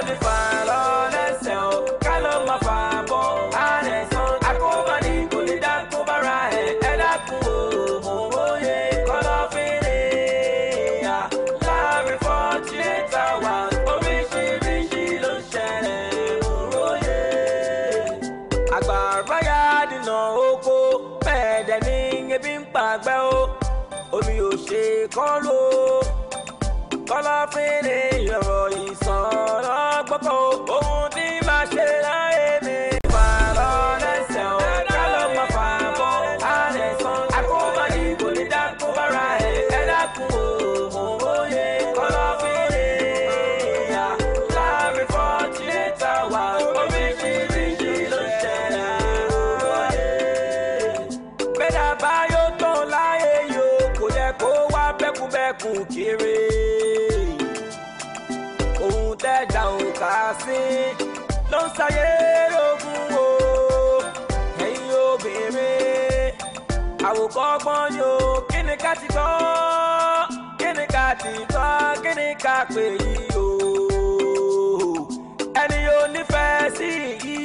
all the fun. ń ṣayé lógún o ẹ̀yin obìnrin àwòkọ́ ọgbọ́n ni o kí ni ká ti kọ́ kí ni ká ti kọ́ kí ni ká pè ẹni yóò nífẹ̀ẹ́ sí yí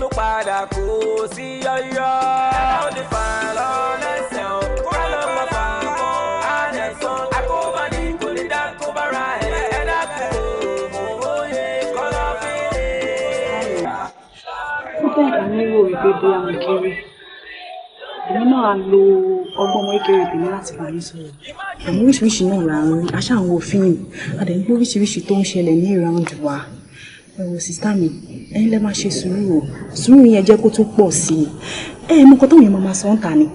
ló padà kó sí yọ́yọ́. ẹ ò ní fà lọ́nà. bóyá mo kéré èmi náà á lo ọgbọ́n ọmọ ìkéré tèmi láti bá yín sọ̀rọ̀ àmọ́ oríṣiríṣi náà là ń rí aṣá àwọn òfin àdé gbé oríṣiríṣi tó ń ṣẹlẹ̀ ní ìrànjú wa ẹ wo sista mi ẹ̀yin lẹ máa ṣe sùúrù o sùúrù yẹn jẹ́ kó tún pọ̀ sí i ẹ ẹ mọ nǹkan táwọn èèyàn máa sọ ń ta ni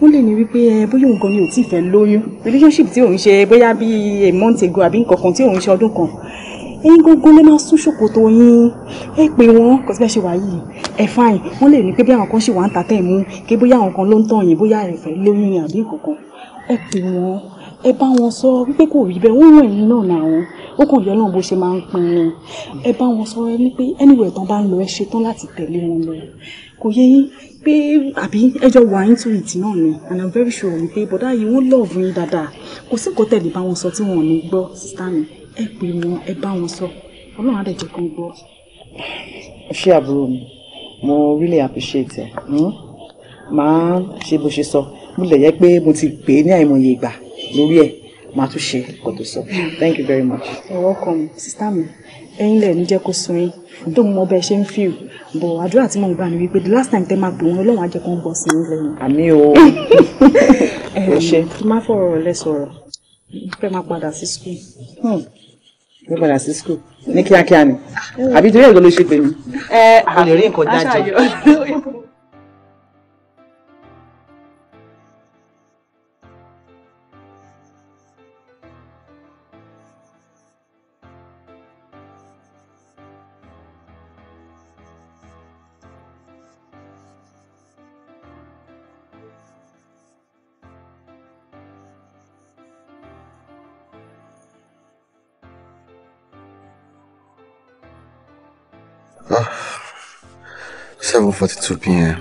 wọ́n lè ní wípé ẹ bóyá òun gan ni ò tí ì fẹ́ lóyún relationship tí òun ṣe bóyá bíi a month ago àbí nǹkan kan tí òun ṣe ọdún kan ẹ̀yin gbogbo lè máa sún ṣòkòtò yín ẹ pé wọn kò sí bẹ́ẹ̀ ṣe wà yìí ẹ fáìn wọn lè ní pé bí àwọn kan ṣì wà ń ta tẹ̀ mú kí bóyá àwọn kan ló ń tàn yín bóyá ẹ̀fẹ̀ lóyún ni àbí nǹkan ẹ pé wọn ẹ bá wọn sọ wípé kò rí bẹ́ẹ̀ wọ́n wọ̀n yín náà làwọn ó kàn yọ náà bó ṣe máa ń pin ni ẹ bá wọn sọ ẹ ní pé anywhere tán bá ń lọ ẹ ṣetán láti tẹ̀lé wọn lọ kò yẹ yín pé àbí ẹjọ́ wà into it náà ni and i'm very sure wípé bọ̀dá yìí wọ́n lọ́ọ̀bù yín dáadáa kò sí nǹkan tẹ̀lé bá wọn sọ tí wọn ò ní gbọ́ sísá mi ẹ pè wọn ẹ bá wọn sọ ọlọ́run á dẹ̀ jẹ́ kán gbọ́. ṣé àbúrò mi mo really appreciate ẹ hmm? màá ṣe bó ṣe sọ mo lè yẹ pé mo ti pè é ní àìmọye ìgbà lórí ẹ màá tún ṣe kò tó sọ thank you very much. you're welcome sista mi ẹ̀yin lẹ ní jẹ́ kó sun yín tó mọ bẹ ṣe ń fíw bọ àdúrà tí mò ń gbà ní wípé the last time tẹ máa pè wọn Ọlọ́run á jẹ́ kó ń bọ sí yín lẹ́yìn. àmì o ẹ ṣe. kí fọ̀rọ̀ lẹ́sọ̀rọ̀ fẹ́ máa padà sí school. Hmm ẹ padà sí school ní kíákíá ni àbí torí ẹ̀ ló ló ṣe pè mí. ẹ o lè rí nǹkan jáde. Ah, ça vous fate sul bine.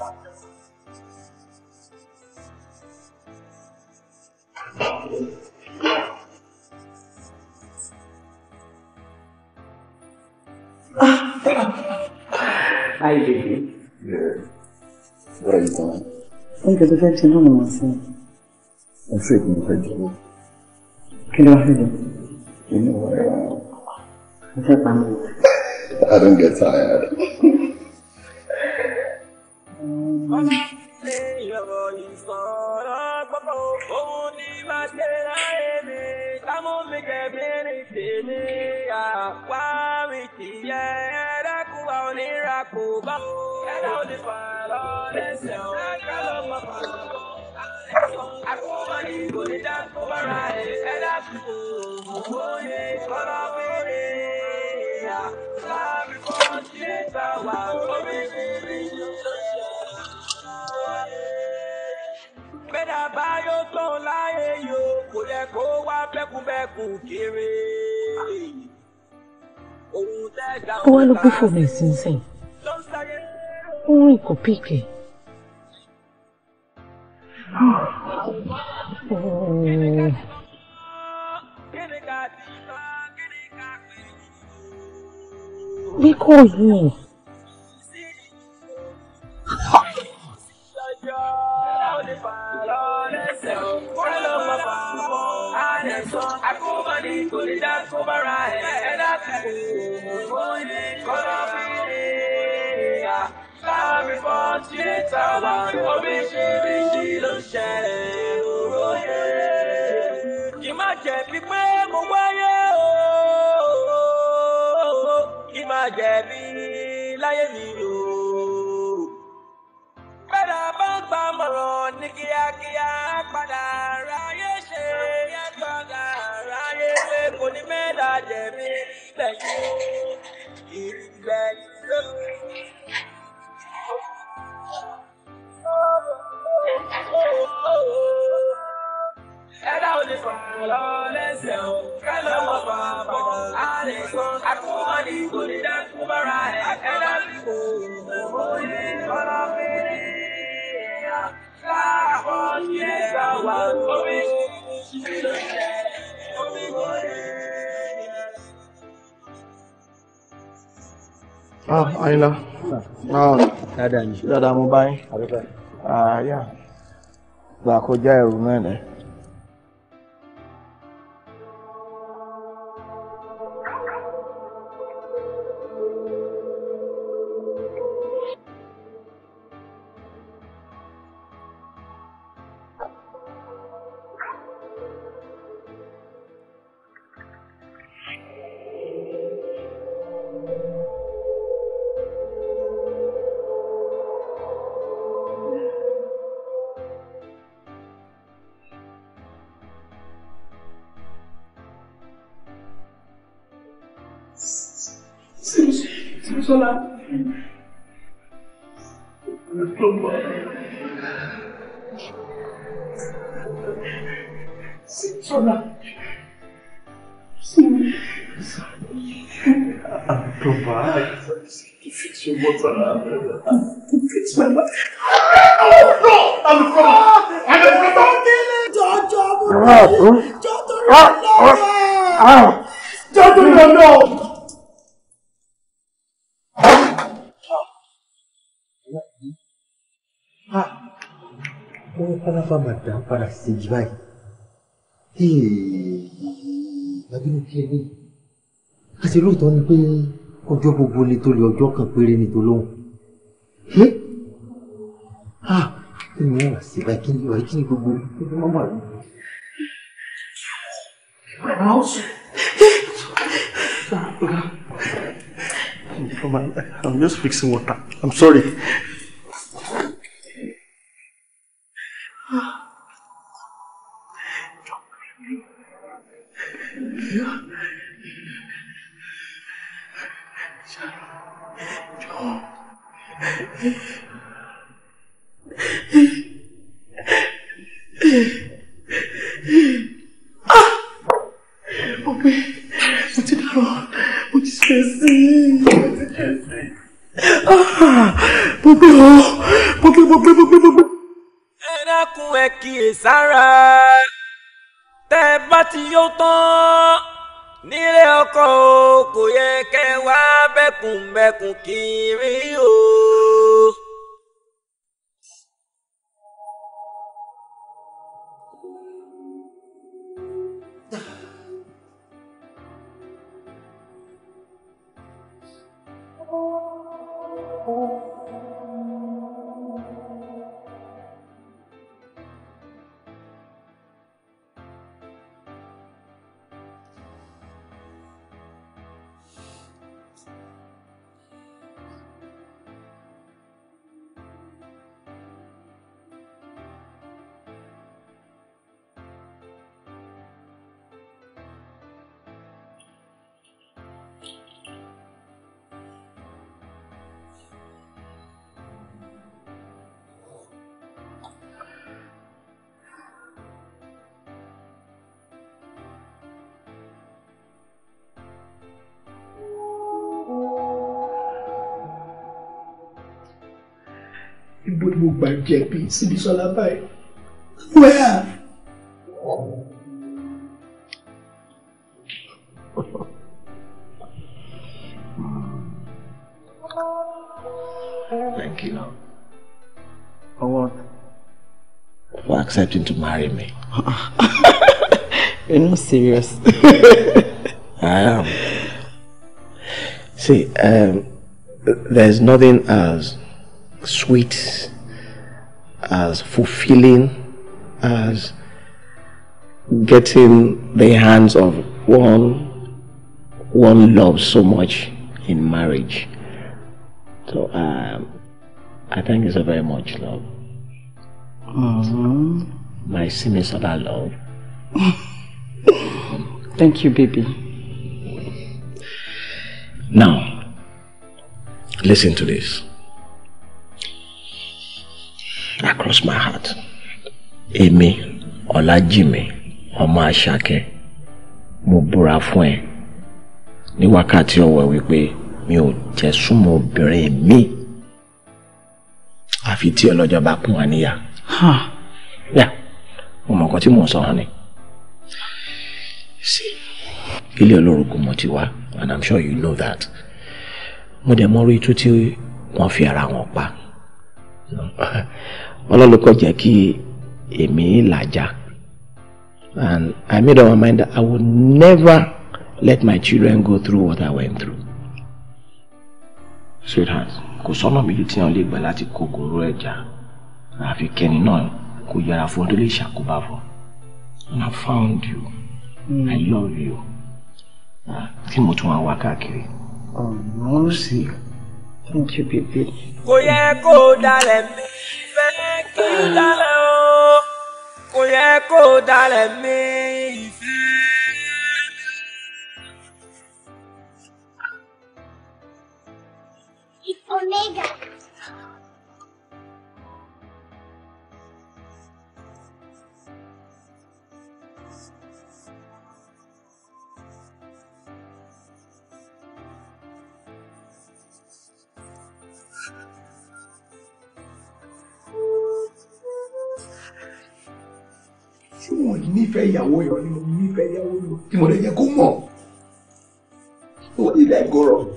Hi, baby. Yeah. What are you doing? Oúnjẹ tó fẹ́ jẹ náà ni mò ń sìn. Ẹ ṣe ìpín ìfẹ́ jẹ. Kí ló wá fẹ́ jẹ? Inú wa ẹ̀ wá. Ẹ I don't get tired. bẹ́kùn kéré òun tẹ́gà ó wá ló gbé fóònù ìsinsìn ó rìn kò píkì. Bí kò yìí. ṣé dáadáa mo bá yín Ah gbà kó já ẹrù mẹ́rin. Bísọ́lá. Lọ́mọ. Bísọ́lá. I'm provide. Fix padà sí stage báyìí lábínú kí ẹni àti lóòótọ́ ni pé ọjọ́ gbogbo ni tó lè ọjọ́ kan péré ni tó lóhùn ah, kí ni wọ́n wà sí báyìí kí ni wà kí ni gbogbo kí ni wọ́n wà lọ. I'm just fixing water. I'm sorry. yó tán nílé ọkọ o kò yẹ kẹ́ wá bẹ́kùnbẹ́kùn kiri o. jẹ̀bi síbi sọlá báyìí wẹ́ẹ̀. Thank you. For what? For accepting to marry me. You're not serious. I am. See, um, there's nothing as sweet as fulfilling as getting the hands of one one loves so much in marriage. So um, I thank you so very much, love. Mm -hmm. My sin is about love. thank you, baby. Now, listen to this. across my heart èmi ọlájìmí ọmọ àṣàkẹ́ mo búra fún ẹ ní wákàtí ọwọ wípé mi ò jẹ́ súnmọ́ obìnrin mi àfi tí ọlọ́jọ́ bá kún wa níyà. yà mo mọ nǹkan tí mò ń sọ hàn ni. ilé olórogún mo ti wá and i'm sure you know that mo dẹ̀ mọ́ rí tó tí wọ́n fi ara wọn pa ọlọ́run kò jẹ́ kí èmi làjà and I made up my mind that I would never let my children go through what I went through. sweetheart kò sọ́nà méjì tí wọ́n lè gbà láti kókòrò ẹ̀já àfi kẹ́ni náà kò yẹra fún tó lè ṣàkóbá fún and I found you mm. I love you Ah, tí mo tún wá wá káàkiri. ọ̀nà ó sì thank you baby. kò yẹ kó o dalẹ̀ mi ìfẹ́ kí o dalẹ̀ o kò Omega. nífẹ̀ẹ́ ìyàwó yọ ni mo ìyàwó yọ tí mo lè jẹ́ kó mọ̀. So what did go wrong?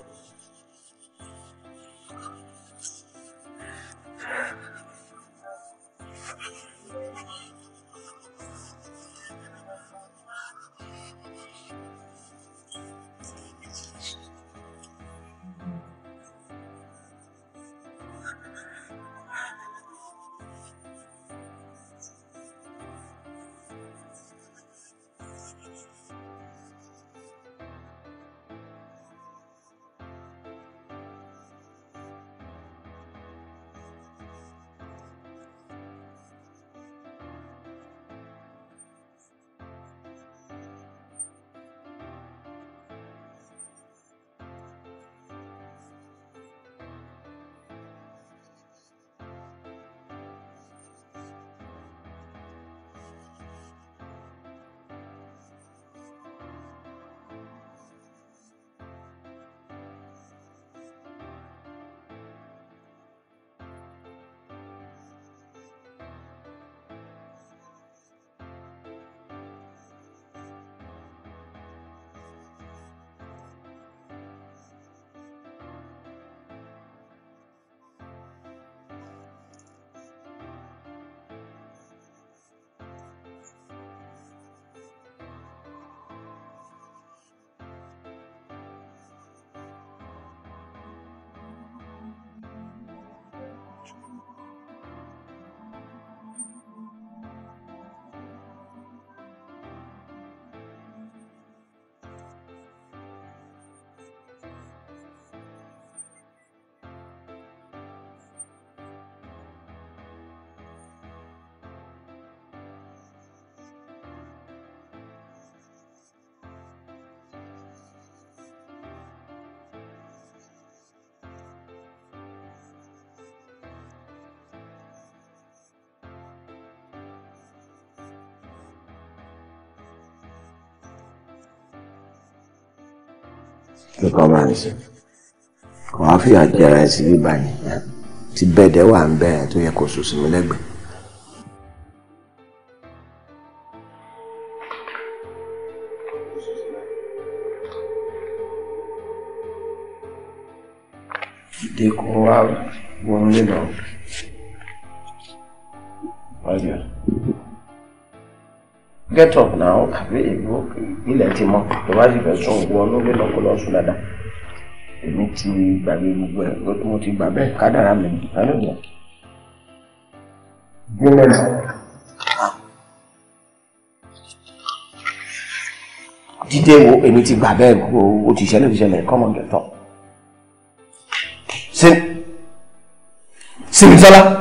nǹkan máa ń fi àjẹrà esi sí ya ti tí bẹ́ẹ̀dẹ̀ wà ń bẹ́ẹ̀ tó yẹ kó sùn sí mi Get up now, ilẹ̀ ti mọ́ tó bá sì fẹ́ sùn wọ lórí lọ́kọ́lọ́ sùn dáadáa èmi ti gbàgbé gbogbo ẹ̀ mo ti gbà bẹ́ẹ̀ kádàrá mi lálẹ́ ìgbà. gbẹ́lẹ́ náà. dídé wo èmi ti gbà bẹ́ẹ̀ o ti ṣẹlẹ̀ ti ṣẹlẹ̀ kọ́mọ̀dé tán. sí sí mi sọ́lá.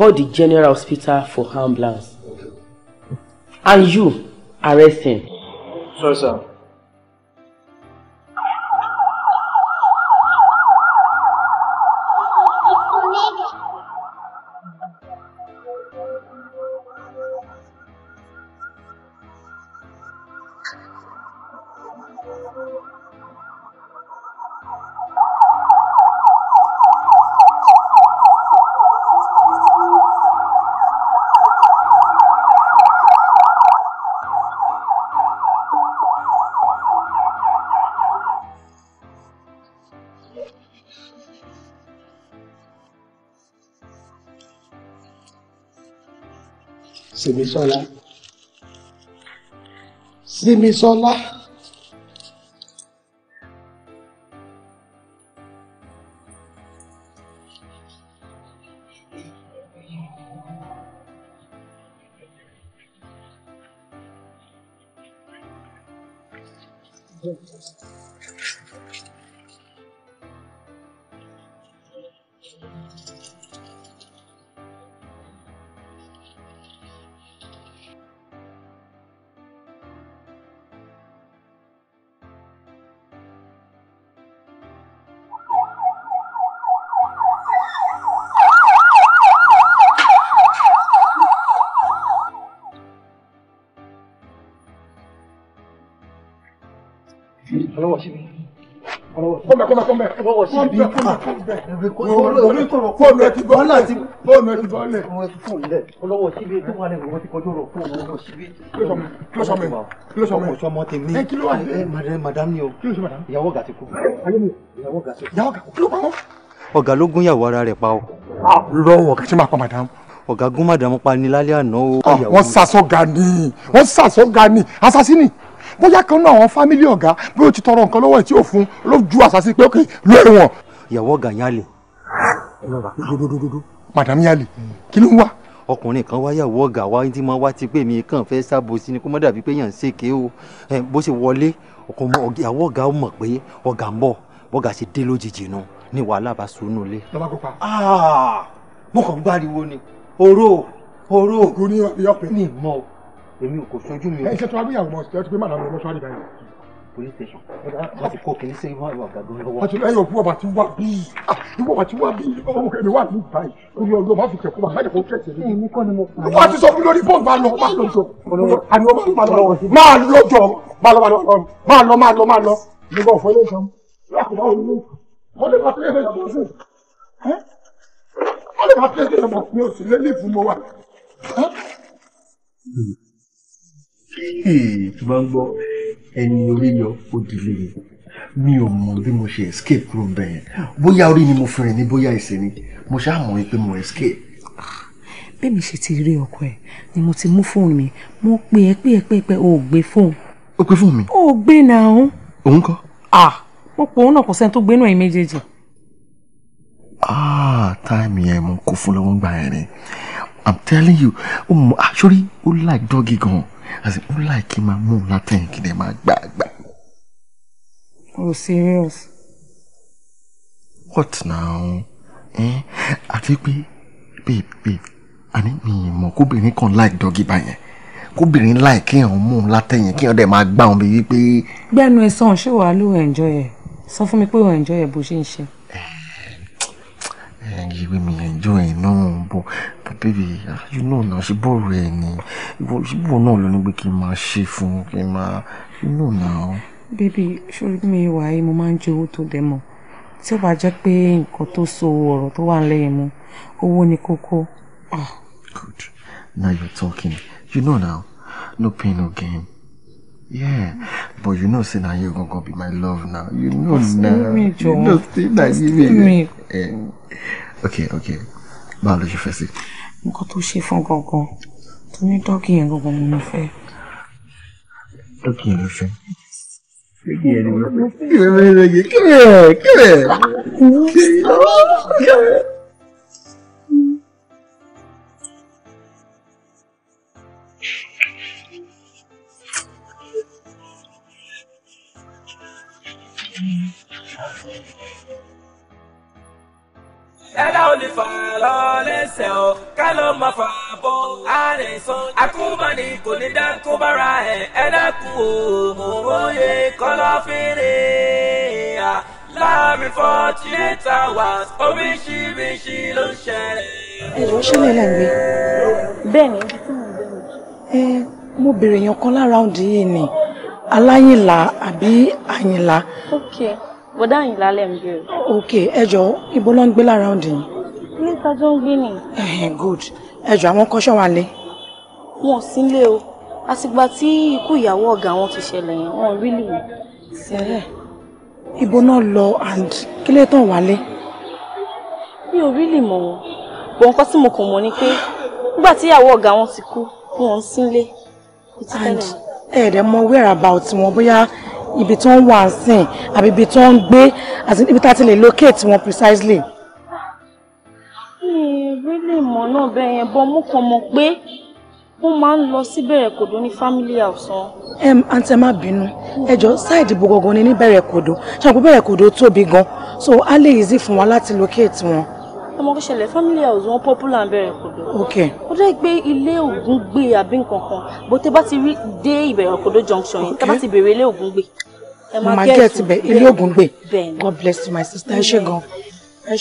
call the general hospital for ambulance. Okay. And you, arrest him. Sorry, sir. Simisola. Simisola. ọlọ́wọ́ sí mi. Kọ́mẹ̀ kọ́mẹ̀ kọ́mẹ̀. Ọlọ́wọ́ sí mi. Kọ́mẹ̀ kọ́mẹ̀ kọ́mẹ̀. Fóònù ẹ ti bọ́lẹ̀. Fóònù ẹ ti bọ́lẹ̀. Ọlọ́wọ́ sí mi tó wà lẹ́nu wọ́n ti kọjú rọ̀ fóònù ọlọ́wọ́ sí mi. Kíló sọ mi? Kíló sọ mi? Ọmọ sọmọ ti mí. Ẹ kíló wà ní. Madam ni o. Kíló sọ madam? Ìyàwó ọ̀gá ti kú. Ìyàwó ọ̀gá ti kú. Ìyàwó ọ̀gá kíló pa wọ́n? Ọ̀gá ló gún ìyàwó ara rẹ̀ pa o. Lọ́wọ́ kí n ṣe máa pa madam ọ̀gágun mádàmú pa ni lálẹ́ àná o. wọ́n sàsọ́gà ni wọ́n sàsọ́gà ni asásínì bóyá kan náà àwọn fámílì ọ̀gá bí ó ti tọrọ nǹkan lọ́wọ́ ẹ̀ tí ò fún ló ju àṣàṣì pé ókè lọ ẹ̀wọ̀n. ìyàwó ọ̀gá yálè. madam yálè kí ló ń wá. ọkùnrin kan wá yàwó ọ̀gá wa tí mo wá ti pé mi kàn fẹ́ sábò sí ni kó má dàbí pé yàn ń ṣèké o bó ṣe wọlé ìyàwó ọ̀gá mọ̀ pé ọ̀gá ń bọ̀ bọ́gà ṣe dé lójijì nu ní wàhálà bá sunú lé. lọ́ba kó pa. Ah, mo kàn ń gbáriwo ni oró oró. ògùn ni ọ̀pẹ. ní ìmọ̀ èmi ò kò sojú mi. ẹ ṣe tó abúyàwó mọ ṣe tó pé màdàmú ọmọ sọ́ọ́dì báyìí. police station wọ́n ti kó kìíní sí ìwọ́n ìwà ọ̀gá gómìnà wọ́n. àtúntò ẹyọ fúwọ́ bá ti wá bíi fúwọ́ ah, bá ti wá bíi ọmọ ẹni wà ní báyìí lórí ọdún ọmọ àfikẹ́ kó bá má jẹ́ kó tẹ̀sí ní. èmi kọ́ ni mo pa. wọ́n ti sọ fún lórí bọ́ọ̀lù máa lọ máa lọ jọ máa lọ jọ máa lọ máa lọ máa lọ máa lọ. mo bọ̀ fọ́ ilé ìjọm wọ́n lè máa tẹ́lẹ̀ lọ́mọ sí wọ́n lè máa tẹ́lẹ̀ lọ́mọ mi ò sì lé Hmm, tó bá ń gbọ́ ẹni orí yọ ó dìlé mi mi ò mọ bí mo ṣe escape kúrò bẹ́ẹ̀ bóyá orí ni mo fi rìn ní bóyá ẹsẹ̀ ni mo ṣáà mọ̀ pé mo escape bẹ́ẹ̀ mi ṣe ti rí ọkọ ẹ̀ ni mo ti mú fóònù mi mo pè é pè é pè é pé o ò gbé fóònù. o gbé fóònù mi. o gbé náà o. òun kọ́. ah mo pò òun náà kò sẹ́ni tó gbénú ẹ̀yin méjèèjì. ah táìmì ẹ̀ mo kò fún lọ́wọ́ gbà ẹ̀ rẹ̀ i'm telling you ó mọ ó like dọ́gì gan-an àti ó láìkí máa mú un látẹ̀yìn kí lè máa gbà gbà. o serious. what now? Eh? àti pé babe babe àní mi ìmọ̀ kóbìnrin kan láì dọ́gí báyẹn kóbìnrin láì kí èèyàn mú un látẹ̀yìn kí èèyàn dẹ̀ máa gbà wọn bí wípé. gbẹ́nu ẹ̀ sàn ṣé wàá ló enjoy ẹ̀ sọ fún mi pé ò enjoy ẹ̀ bó ṣe ń ṣe ìwé mi ẹjọ́ ẹ̀ náà bọ̀ baby ah, you know na ṣe bọ́ọ̀rù ẹ̀ ni ṣíbùwọ̀ náà ló ní pé kí n máa ṣe fún kí n máa you know na. baby ṣòro bí mi wà yìí mo máa ń jẹ owó tó dẹ mọ tí ó bá jẹ́ pé nǹkan tó so ọ̀rọ̀ tó wà lẹ́yìn mu owó ni kókó. Ah. good now you're talking you know now no pain no gain. Yeah, but you know, say now you gonna go be my love now. You know Just now. Me, Joe. You know, say now you me. me. Eh. Okay, okay. Now, let's first nǹkan tó ṣe fún gangan tó ní dọ́gì yẹn gangan mo ní fẹ́. dọ́gì yẹn ló fẹ́. dọ́gì yẹn ló fẹ́. Thank you ẹ̀dá ò lè fà lọ lẹ́sẹ̀ o ká ló máa fà bọ́ àrẹ̀sán àkúmọ̀ni kò ní dákú bára ẹ̀ ẹ̀dá kù òmùwò yẹ kọ́lọ́fínrin à láàrin forty eight hours oríṣiríṣi ló ń ṣẹlẹ̀. ẹ lọ ṣẹlẹ̀ lẹgbẹ. bẹ́ẹ̀ni mo ń bẹ mi. ẹ mo béèrè yẹn kan lára òǹdí yìí ni aláyìnlá àbí àyìnlá. okay bọ̀dá yìí lálẹ́ ń bèrè. ok ẹ jọ̀ọ́ ibo ló ń gbé lára òǹdè yìí. ilé ìta tó ń gbé ni. good ẹ jọ̀ọ́ àwọn kọ́ṣọ́ wa lé. wọn ò sí ilé o àtìgbà tí ikú ìyàwó ọ̀gá wọn ti ṣẹlẹ̀ yẹn wọn rí lè sílẹ̀. ibo náà lọ and kí lè tàn wálé. mi ò rí lè mọ̀ wọn bọ̀ nǹkan tí mo kàn mọ̀ ni pé nígbà tí ìyàwó ọ̀gá wọn ti kú wọn ń sílé. and ẹ̀ẹ́dẹ̀ mọ whereabouts wọn bóyá ibi tó ń wà sìn àbí ibi tó ń gbé àti ibi tá ti lè locate wọn precisely. mi ò rí lè mọ̀ náà bẹ́ẹ̀ yẹn bọ́ mú kan mọ̀ pé wọ́n máa ń lọ sí bẹ̀rẹ̀ ní family house wọn. ẹm àǹtí ẹ má bínú ẹjọ ṣáìdì gbogbo gan ni ní bẹ̀rẹ̀ kòdó ṣàpọ̀ bẹ̀rẹ̀ kòdó tóbi gan so á lè easy fún wa láti locate wọn ọmọ kò ṣẹlẹ̀ family house wọn popular bẹ̀rẹ̀ kodo. ok ó dẹ́ gbé ilé ògùn gbé àbí nǹkan kan bó tẹ bá ti rí dé ìbẹ̀rẹ̀ kodo junction yẹn tẹ bá ti bèrè ilé ògùn gbé. mo máa gẹ́ẹ̀tì bẹ́ẹ̀ ilé ògùn gbé God bless my sister ẹ gan ẹ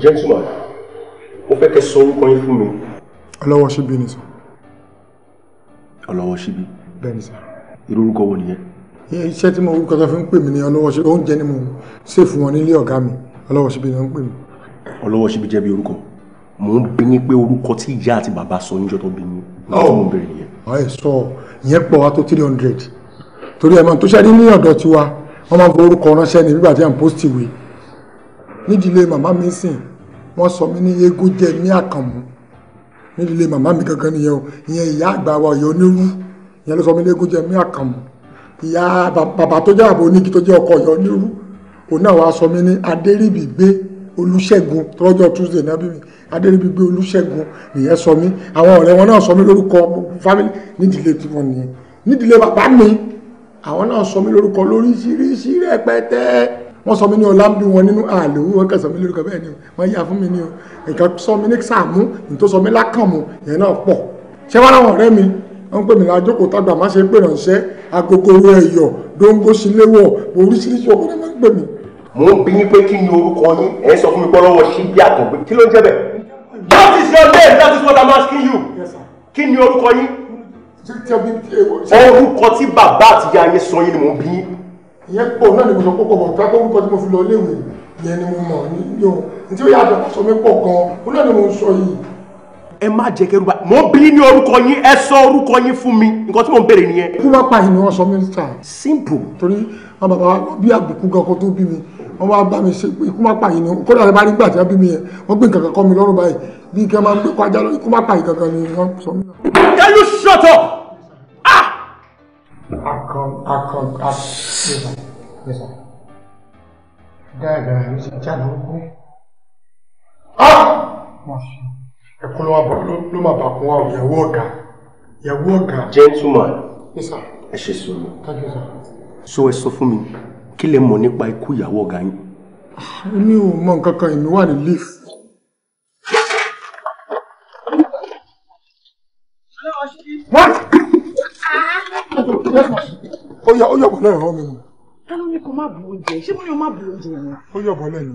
gentleman mo fẹ́ kẹ́ sọ orúkọ yín fún mi. ọlọ́wọ́ ṣíbí ni sọ. ọlọ́wọ́ ṣíbí. bẹ́ẹ̀ni sọ. irú orúkọ wo nìyẹn. iṣẹ́ tí mo orúkọ tó fi ń pè mí ni ọlọ́wọ́ ṣíbí oúnjẹ ni mo ṣe fún wọn nílé ọ̀gá mi ọlọ́wọ́ ṣíbí ni wọ́n ń pè mí. ọlọ́wọ́ ṣíbí jẹ́ bí orúkọ mo ń bi ní pé orúkọ tí ìyá àti bàbá sọ níjọ́ tó bí mi ọ̀hún mo oh. bẹ̀rẹ̀ nìyẹn. ọ̀hún sọ ìyẹn pọ̀ wá tó three hundred torí ẹ̀ máa tó ṣẹ́ni ní ọ̀dọ̀ tiwa wọ́n máa ń fọ orúkọ ránṣẹ́ ní bíbà tí à ń post ìwé nídìílé màmá mi sìn wọ́n sọ mí ní Egúnjẹ ní Àkànmú nílé màmá mi gangan nìyẹn o ìyẹn ìyá àgbà wa Ọ̀yọ́ onírú ìyẹn ló sọ mí ní Egúnjẹ ní Àkànmú ìyá bàbá tó jẹ́ àbò onígi tó jẹ́ ọkọ Ọ̀yọ́ onírú òun náà wàá sọ mí ní Adéríbìgbé Olúṣẹ́gun tọ́jọ́ Tuesday náà bí mi Adéríbìgbé Olúṣẹ́gun nìyẹn sọ mí àwọn ọ̀rẹ́ wọn náà sọ mí lórúkọ fámìlì nídìílé tiwọn nìyẹn nídìílé bàbá mi àwọn náà sọ mí wọ́n sọ mí ní ọlámdú wọn nínú ààlè owó wọn kàn sọ mí lórúkọ bẹ́ẹ̀ ni wọ́n yà fún mi ní o nǹkan sọ mí ní sàmú nítò sọ mí lákàmù ìyẹn náà pọ̀ ṣé wàá láwọn ọ̀rẹ́ mi wọ́n pè mí lájókòó tágbà má ṣe pè ránṣẹ́ agogo owó ẹ̀yọ̀ dóńgó síléwọ̀ oríṣiríṣi ọkọ náà pè mí. mo ń bi yín pé kí ni orúkọ yín ẹ sọ fún mi pé ọlọ́wọ́ ṣí bí àtọ̀ pé kí ló ń jẹ́ bẹ́ẹ̀. that is your name that is what I'm asking you. kí ni orúkọ yín. orúkọ tí bàbá àtìyá yín sọ yín ni mo ń bi yín ìyẹn pọ̀ náà ni mo sọ pé pọ̀ tí mo fi lọ léèwé yẹn ni mo mọ̀ ní o tí ó yàtọ̀ sọ mi pọ̀ gan ó náà ni mo sọ yìí. ẹ má jẹ kẹrù bá mo bí ní orúkọ yín ẹ sọ orúkọ yín fún mi nǹkan tí mo ń béèrè nìyẹn. kí wọ́n pa ìní sọ mínísítà. simple. torí àwọn bàbá wa bí àgbẹ̀kú gan kó tó bí mi wọ́n wá bá mi ṣe ikú má pa yìí ni kódà bá rí gbà tí wọ́n bí mi yẹn wọ́n gbé can you shut up. Akron, Akron, Akron. Yes, sir. Dáadáa, mi ti já lọ kú. Ẹ̀kún ló wà bọ̀ ló máa bà kún wa ìyàwó ọ̀gá. Ìyàwó ọ̀gá. Gentleman. Yes, sir. Ẹ ṣe sùúrù. Thank you, sir. So ẹ sọ fún mi, kí lẹ mọ̀ nípa ikú ìyàwó ọ̀gá yín? Ah, èmi ò mọ nǹkan kan, èmi wà ní leave. ó yọ ó yọ̀bọ̀ náà rán mi nù. ta ló ní kó má bu oúnjẹ ṣé mo ní o má bu oúnjẹ yẹn. ó yọ̀bọ̀ lẹ́nu.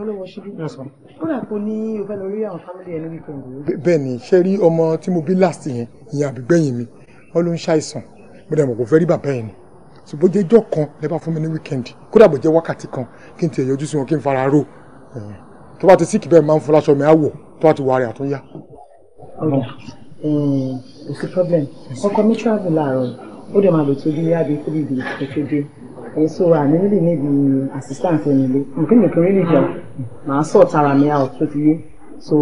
olówó ṣubú kódà kó ní o fẹ́ lọ rí àwọn fámìlì ẹ lórí kẹ̀ǹdù. bẹ́ẹ̀ ni ṣe rí ọmọ tí mo bí last yẹn ìyẹn àbígbẹ̀yìn mi wọ́n ló ń ṣàìsàn mo dẹ̀ mọ̀ kò fẹ́ rí bàbá yẹn ni ṣùgbọ́n jẹ́ ọjọ́ kan lẹ́ bá fún mi ní wíkẹ́ndì kódà bó jẹ́ wákàtí kan kí n tiẹ̀ yọjú sí wọn kí n fara ró tó bá ti síkì bẹ́ẹ̀ máa ń fọláṣọ mi á wọ̀ tó bá ti wà rẹ̀ àtúnyá kò sí problem ọkọ mi travel láàárọ̀ ó dẹ̀ máa lò tó bí yá bí three days kò tó dé èso àmì nílì níbi assistance ẹni lé nǹkan nìkan rí nìjọ màá sọ tara mi out tó ti yé so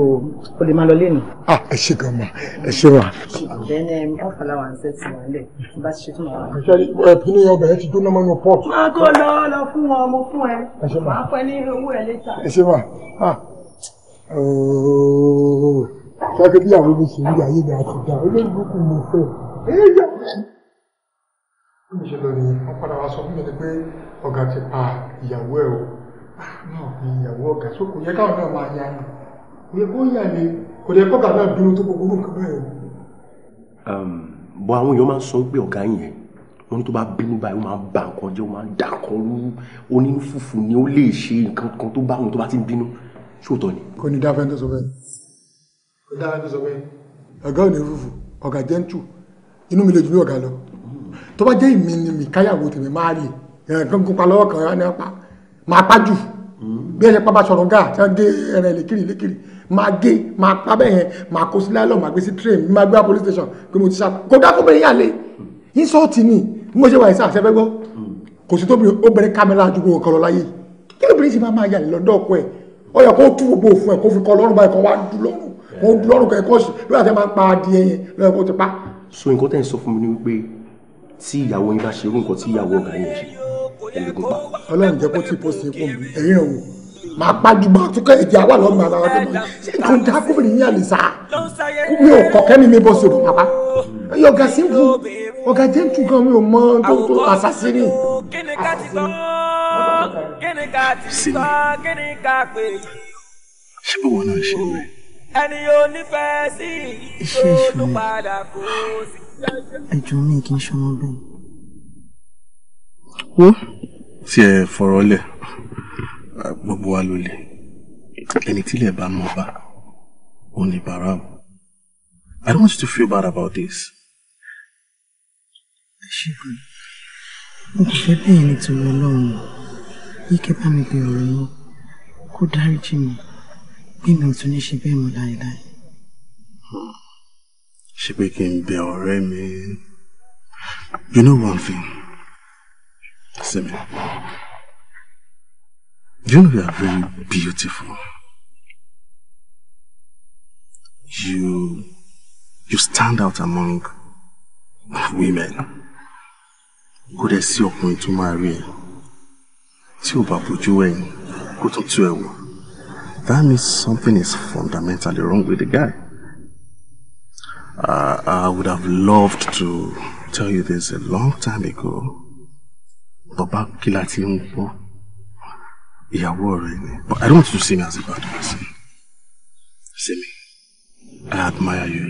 o lè máa lọ lẹ́nu. ah ẹ ṣe gan ma ẹ ṣe wa. bẹ́ẹ̀ni ẹ mọ fàlàwà ń ṣe ti wọn lẹ bá ṣe fún wa. ẹ ṣe ẹ pinnu yẹn ọbẹ̀ yẹn ti dúró mọ́nú pọ̀. máa kó lọ lọ fún wọn mo fún ẹ máa pẹ ní owó ẹ lẹ́ta. ẹ ṣe wa ah oh. ooo ṣáàkì bí àwọn olùsè ń yà yíyà àti ìjà olóògùn mo fẹ́. bí mi ṣe lọ nìyí wọn padà wá sọ fún mi ni pé ọ̀gá ti pa ìyàwó ẹ̀ o ah, náà ni ìyàwó ọ̀gá tó kò yẹ káwọn náà máa ya ni kò yẹ kó yà ni kò yẹ kó kàdá bínú tó gbogbo nǹkan bẹ́ẹ̀ o. bọ àwọn èèyàn máa ń sọ pé ọ̀gá yẹn wọn ní tó bá bínú báyìí ó máa ń ba nǹkan jẹ́ ó máa ń dà nǹkan rú onínú fùfù ni ó lè ṣe nǹkan kan tó bá wọn tó bá ti ń bínú ṣóòótọ́ ni. kò ní dáfẹ́ tó sọ bẹ́ẹ̀ ọ̀gá ò ní rúfù ọ̀gá jẹ́ ń tù inú mi lè ju bí ọ̀gá lọ tó bá jẹ́ ìmí ni mi káyàwó tèmi máa rí ẹ̀ẹ̀kan kópa lọ́wọ́ kan rán ní apá máa pa jù bí ẹ pápá sọ̀rọ̀ gáà tí wọ́n gé ẹran lékiri lékiri máa gé máa pa bẹ́ẹ̀ yẹn máa kó sí láìlọ́ máa gbé sí train máa gbé wá police station pé mo ti sá kò dá fún mi yà lé insult ni ṣe wà ìsá àṣẹ kò sí tóbi obìnrin kámẹ́rà ju kan lọ láyé kí lóbìnrin sì máa máa yà lọ́dọ̀ ọkọ ẹ̀ ọyọ̀ kó tú gbogbo òfin ẹ̀ kó fi kọ́ lọ́rùn báyìí kó wá dú lọ́rùn kó lọ́rùn kẹ́ kọ́ọ̀sì lóyà tẹ́ máa ń pa adìẹ yẹn lọ́yà kó ti pa. so nǹkan tẹ́ ń sọ fún mi ni wípé tí ìyàwó yín bá ṣe irú nǹkan tí ìyàwó ọ̀gá yẹn ṣe ẹ̀ lè gún pa. ọlọ́run jẹ́ kó tí post ẹ̀ fún mi ẹ̀yìn òun màá pàdùbà tó kẹ́ ẹ̀jẹ̀ àwa lọ́mọ àbá wa tó mọ̀ ṣé nǹkan dá kóbìnrin yín àlè sá mi ò kọ̀ kẹ́mi mi bọ́ sí òdò bàbá ẹ̀yìn ọ̀gá sí wù ọ̀gá jẹ́ ń tún gan mi ò mọ tó tó àṣàṣì ni. sí mi ṣé wọn náà ṣe rẹ ẹni yóò nífẹ̀ẹ́ sí olùpadà kò sí. ẹjọ́ mi kì í ṣọmọ bẹ́ẹ̀. wo. tí ẹ fọ̀rọ̀ lẹ̀ gbogbo wa ló lè ẹni tílẹ̀ bá mọ̀ bá òun lè bàrà o. I don't want you to feel bad about this. ẹ ṣe gan mo kò fẹ́ bẹ́ẹ̀ nítorí ọlọ́run yìí kẹ́ bá mi bẹ ọ̀rọ̀ náà kó dáríjì mi pé mi ò tún ní ṣe bẹ́ẹ̀ mọ́ láéláé. ṣé pé kí n bẹ ọ̀rẹ́ mi you know one thing simi you know you are very beautiful you you stand out among women kò dẹ̀ sí ọkùnrin tó máa rí ẹ tí ò bá bójú ẹ̀yìn kó tó tú ẹ That means something is fundamentally wrong with the guy. Uh, I would have loved to tell you this a long time ago. Baba Kilati Mpo. Ìyàwó rẹ̀ ni. But I don't want you to see me as a bad person. See me. I admire you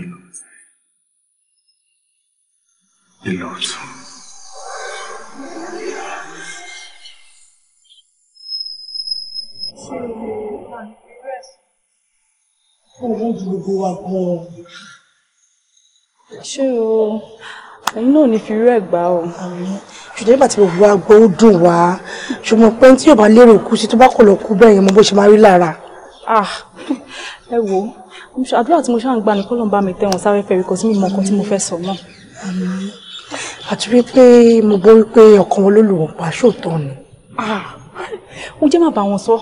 a lot. A lot. owó gbogbo wa gan-an. ṣé o ẹ̀yin náà ní fi irú ẹ̀ gbà o. ṣùgbọ́n nígbà tí gbogbo wa gbọ́ ó dùn wá ṣùgbọ́n pé tí yóò bá lérò ikú sí tó bá kọ̀ lọ kú bẹ́ẹ̀ yẹn mo bó ṣe máa rí lára. Ah, ẹ wo àdúrà tí mo ṣáà ń gbà ní kọ́lọ́n bá mi tẹ̀wọ̀n sáré fẹ́ rí kò sí mi mọ So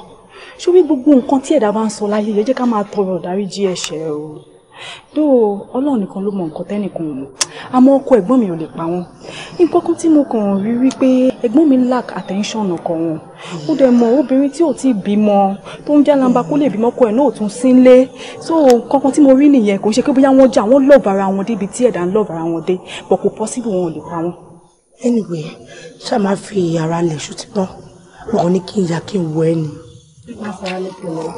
ṣé wí gbogbo nǹkan tí ẹ̀dá bá ń sọ láyé yẹ jẹ́ ká máa tọrọ ìdáríjì ẹ̀ṣẹ̀ o tó ọlọ́run nìkan ló mọ nǹkan tẹ́nìkan mọ̀ àmọ́ ọkọ ẹ̀gbọ́n mi ò lè pa wọn nǹkan kan tí mo kàn rí wípé ẹ̀gbọ́n mi lack attention ọkọ wọn ó dẹ̀ mọ obìnrin tí ò tí ì bímọ tó ń jálamba kó lè bímọ ọkọ ẹ̀ náà ò tún sínlé so nǹkan kan tí mo rí nìyẹn kò ń ṣe pé bóyá wọ́n jà wọ́n lọ́ọ̀bù ara wọn débi tí ẹ̀dá ń lọ́ọ̀bù ara wọn dé bọ̀ kò possible wọn ò lè pa wọn. anyway ṣáà máa fi ara lẹ̀ ṣùtì náà wọn ò ní kí n yà Masala kilo.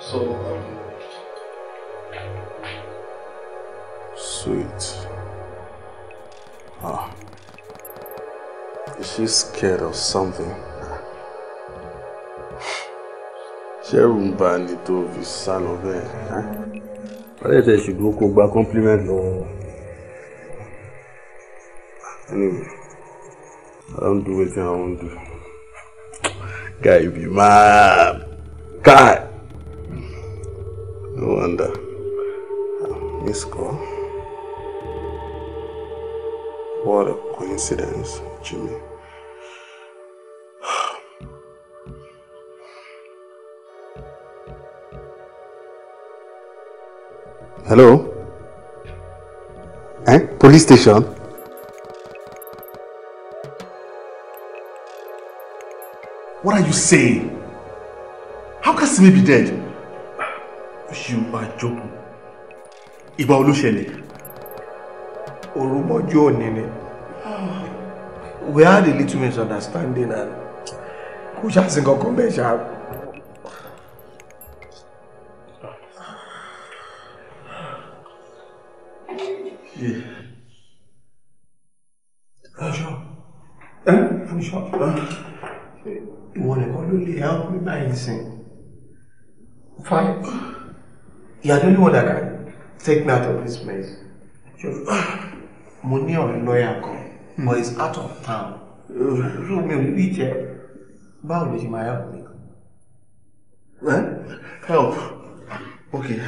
So sweet. Ah. Is she scared of something? ṣẹ́rù ń bá ní tó fi sá lọ bẹ́ẹ̀. ọ̀rẹ́ tẹ ṣùgbọ́n kò gba compliment lọ́wọ́ wọn. anyway i don't do anything i wan do guy you be mad guy. coincidence, Jimmy. Hello? Eh? Police station? What are you saying? How can Simi be dead? You are joking. Ìgbà wo ló ṣẹlẹ̀? Òru we had a little misunderstanding and kò ṣàṣì kankan bẹ́ẹ̀ ṣá. Fúnṣọ́ ìwọ nìkan ló lè help me by sìn. Fine. You are the only one that can take me out of this place. Ah! Mo ní ọ̀rẹ́ lọ́ọ̀yà kan. Hmm. but he's out of town so mi ò rí jẹ báwo ló ṣe máa help me. help okay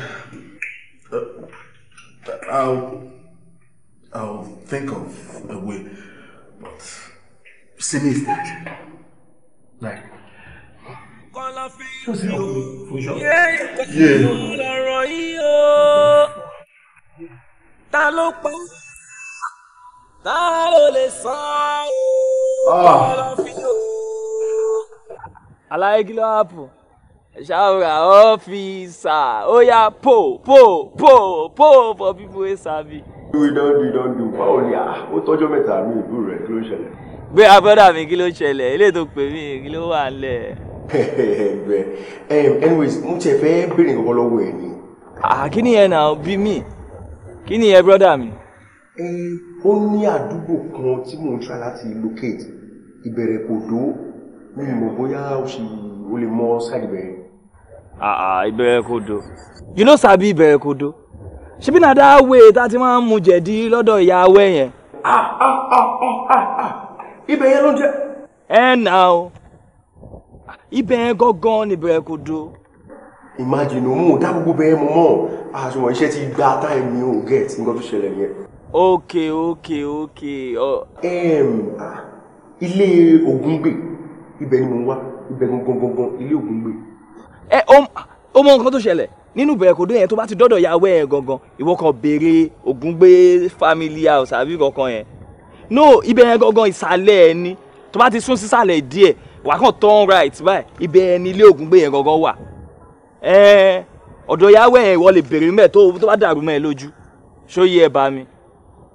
uh, I'll, I'll think of a way but see me dead. Like, Yeah. yóò fúnṣọ́. Yé ọ̀rọ̀ yìí tá ló lè san ah. ó ọlọ́fin ó. po po ló wá pò ṣàwùrà ọ́fíìsà ó yá pò pò pò for people wey sabi. ìdándu ìdándu báwo ni à ah, ó tọ́jọ́ mẹ́ta mi ìlú rẹ̀ kí ló ṣẹlẹ̀. gbé abọ́dà mi kí ló ṣẹlẹ̀ ilé tó pè mí kí ló wà nílẹ̀. anyways mo tiẹ̀ fẹ́ béèrè nǹkan lọ́wọ́ ẹ̀ ni. àkíní ah, yẹn náà bí mi kí ni yẹn brọ́dà mi ó ní àdúgbò kan tí mò ń try láti locate ìbẹ̀rẹ̀ kò dó mi mọ̀ bóyá o ṣì o lè mọ side ìbẹ̀rẹ̀. Ah, ah ìbẹ̀rẹ̀ kò dó. you know sabi ìbẹ̀rẹ̀ kò dó ṣebí náà dá wé tá a ti máa ń mu jẹ̀dí lọ́dọ̀ ìyá awẹ́ yẹn. Ah, ah, ibẹ̀ yẹn ló ń jẹ́. ẹ nà o ibẹ̀ yẹn gangan ni ìbẹ̀rẹ̀ kò dó. imagine òun ò dá gbogbo bẹ́ẹ̀ mọ́ mọ́ àṣùwọ̀n iṣẹ́ ti gba táìmì ò gẹ̀ẹ́tì nǹkan tó ṣẹlẹ̀ yẹn. Okay, okay, ok ok ok. ilé Ogungbe. ibẹ̀ ni mo ń wá ibẹ̀ gangan ilé ògúngbè. ẹ ó mọ nǹkan tó ṣẹlẹ̀ nínú ìbẹ̀rẹ̀ kò dé yẹn tó bá ti dọ́dọ̀ yàwó ẹ̀ gangan ìwọ kan béèrè ògúngbé family house àbí kankan yẹn no ibẹ̀ yẹn gangan ìsàlẹ̀ ẹ̀ ni tó bá ti sún sísàlẹ̀ díẹ̀ wà kàn turn right báyìí ibẹ̀ ẹ̀ ni ilé Ogungbe yẹn gangan wà ẹ̀ ọ̀dọ̀ yàwó ẹ̀ ìwọ lè béèrè mẹ́ẹ̀ tó bá dàrú mẹ́ẹ̀ lójú ṣó yí ẹ bá mi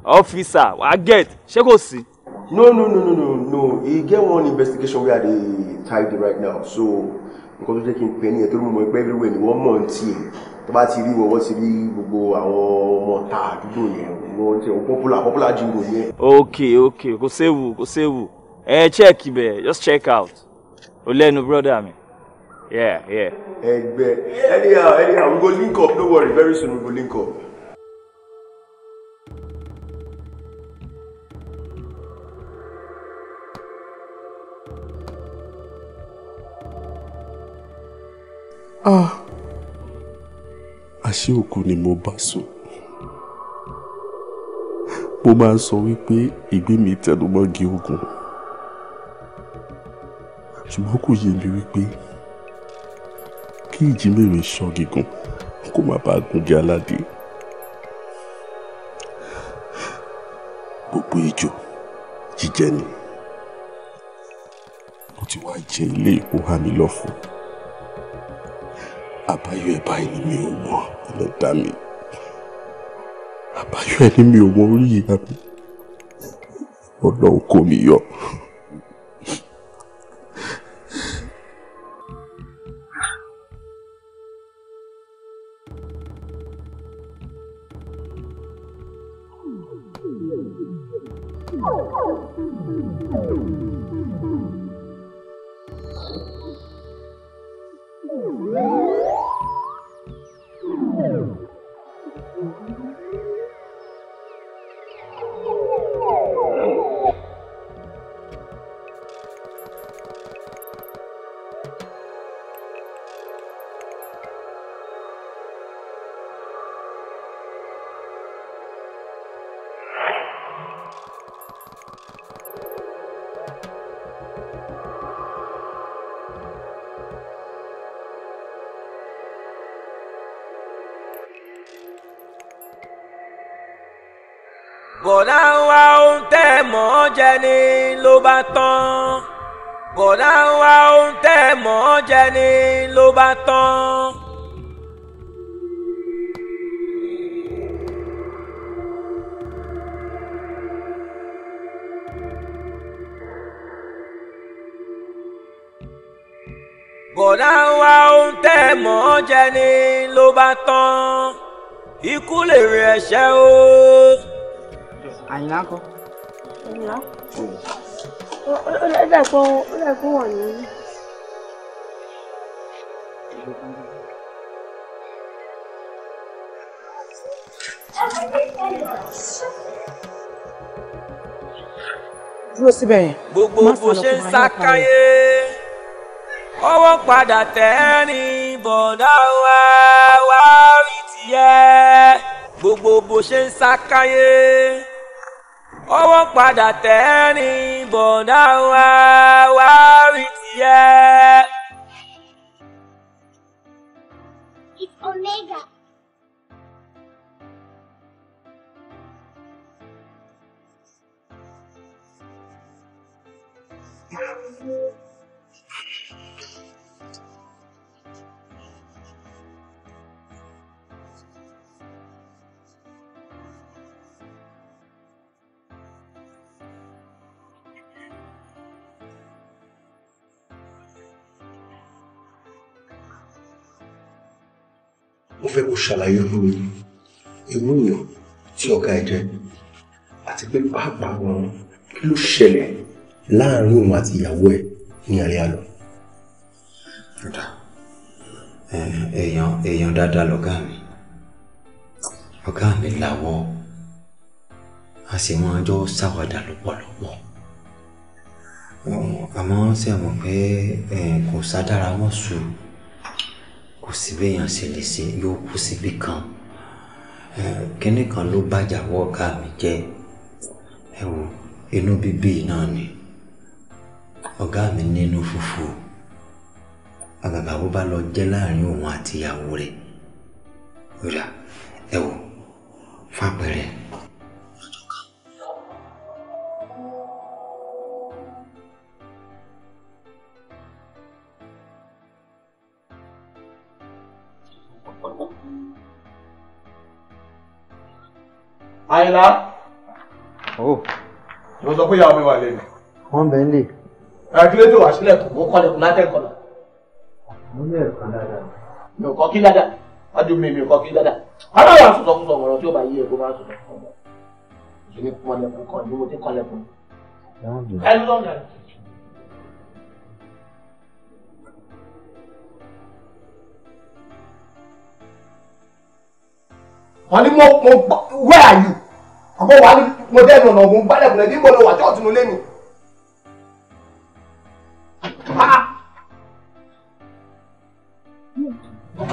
officer I get ṣé kò sí. no no no no no no e get one investigation wey i dey tidy right now so nǹkan tó jẹ́ kí n pè é nìyẹn torí mo mọ̀ pé everywhere ni wọ́n mọ̀ ń tì í tó bá ti rí wọ́n wọ́n ti rí gbogbo àwọn ọmọ àdúgbò yẹn wọ́n ti popular popular jingo yẹn. ok ok kò séwu kò séwu ẹ check ibẹ just check out o lẹ́nu brother mi yeah yeah. ẹgbẹ anyhow anyhow we go link up no worry very soon we go link up. ah àṣé òkú ni mo bá sùn mo máa ń sọ wípé ìgbé mi tẹnumọ́gi ogun ṣùgbọ́n kò yé mi wípé kí ìjì mèrè sọ gígùn kó má bàa gúnjẹ aládé gbogbo ejò jíjẹ ni ó ti wá jẹ ilé ìpò hàmí lọ́fọ̀ọ́ àbáyọ ẹ̀ báyìí ni mi ò mọ̀ ẹlẹ́dàá mi àbáyọ ẹ̀ ni mi ò mọ̀ orí ìyá ọlọ́run kò mí yọ. bọ̀dá wa wá ohun tẹ́ mọ̀ ọ́ jẹ ni ló bá tán bọ̀dá wa wá ohun tẹ́ mọ̀ ọ́ jẹ ni ló bá tán. bọ̀dá ń wá ohun tẹ́ mọ̀ ọ́ ló bá tán ikú lè rìn ẹ̀ṣẹ̀ o àyìnlá kọ. àyìnlá hmm. ó dàgbọ́ ó dàgbọ́ wọ̀ ní. dúró síbẹ̀ yẹn. gbogbo bó ṣe ń sá káyé padà tẹ̀ bọ̀dá wa wá rí tiẹ̀ gbogbo bó ṣe ń sá owó padà tẹ́ ní bọ̀dá wa wá rí tiẹ̀. It's Omega. Thank you. fẹ́ kó ṣàlàyé fún mi irú èèyàn tí ọ̀gá ẹ jẹ́ àti pé pàápàá wọn kí ló ṣẹlẹ̀ láàrin òun àti ìyàwó ẹ ní alẹ́ àlọ́. èèyàn èèyàn dáadáa lọ́gá mi ọ̀gá mi làwọ̀ a sì máa jọ ṣàwádà lọ́pọ̀lọpọ̀ àmọ́ ṣe mọ̀ pé kò sádára mọ́ sùúrù kò sí béèyàn ṣe lè ṣe yóò kú síbi kan kínní kan ló bàjàwọ́ ọ̀gá mi jẹ́ ẹ wo inú bíbí náà ni ọ̀gá mi nínú fùfú àgàgà bó bá lọ jẹ́ láàrin òun àti ìyàwó rẹ̀ rà ẹ wo àyìnlá. ìwọ oh. sọ pé ìyàwó mi wà lẹ́nu. wọ́n bẹ̀ ń lè. àkílẹ̀ tó wà sílẹ̀ kù ó kọ́lẹ̀kùn látẹ̀kọ̀ lọ. mi ò kọ́ kí dáadáa wájú mi mi ò kọ́ kí dáadáa. aláwọ̀ àsọ̀sọ̀kùsọ̀ ọ̀rọ̀ tí ó bá yí ẹ̀kọ́ máa sọ̀rọ̀ fún ọmọ. ìṣèlú kọ́lẹ̀kùn kan ni mo ti kọ́lẹ̀kùn. ẹ wọ́n ní mo mo where are you àmọ́ wàá mo dẹ́nu ọ̀nà ọ̀gùn gbálẹ̀kùnlẹ̀ bí mo lọ wà chọ́ọ̀tì ah, ah. ah, mo lé mi.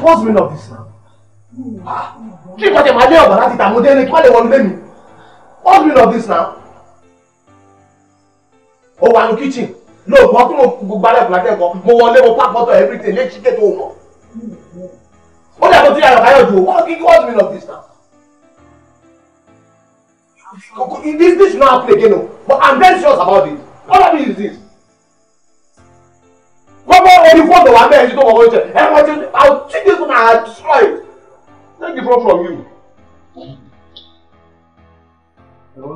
what's the meaning of this now? kí nǹkan tẹ̀ máa dé ọ̀gbà láti tààmú délé kí wọ́n lè wọnú lé mi what's the meaning of this now? ó wà ní kitchen lóògbọ́n tí mo gbálẹ̀kùn látẹ̀kọ́ mo wọlé mo pack bottle everything lé ṣíkẹ́ tó mọ̀ ó dàbọ̀ tí ayọ̀ káyọ̀ jù wọ́n kí what's the meaning of this now? This this should not happen again, no. But I'm very serious about it. What of it is this. Gbogbo orí fóònù wa bẹ́ẹ̀ ti tó kọ̀ọ̀kan jẹ. Ẹ wọ́n ti I will treat this woman as destroyed. Take the problem from you. Ẹ̀wọ̀,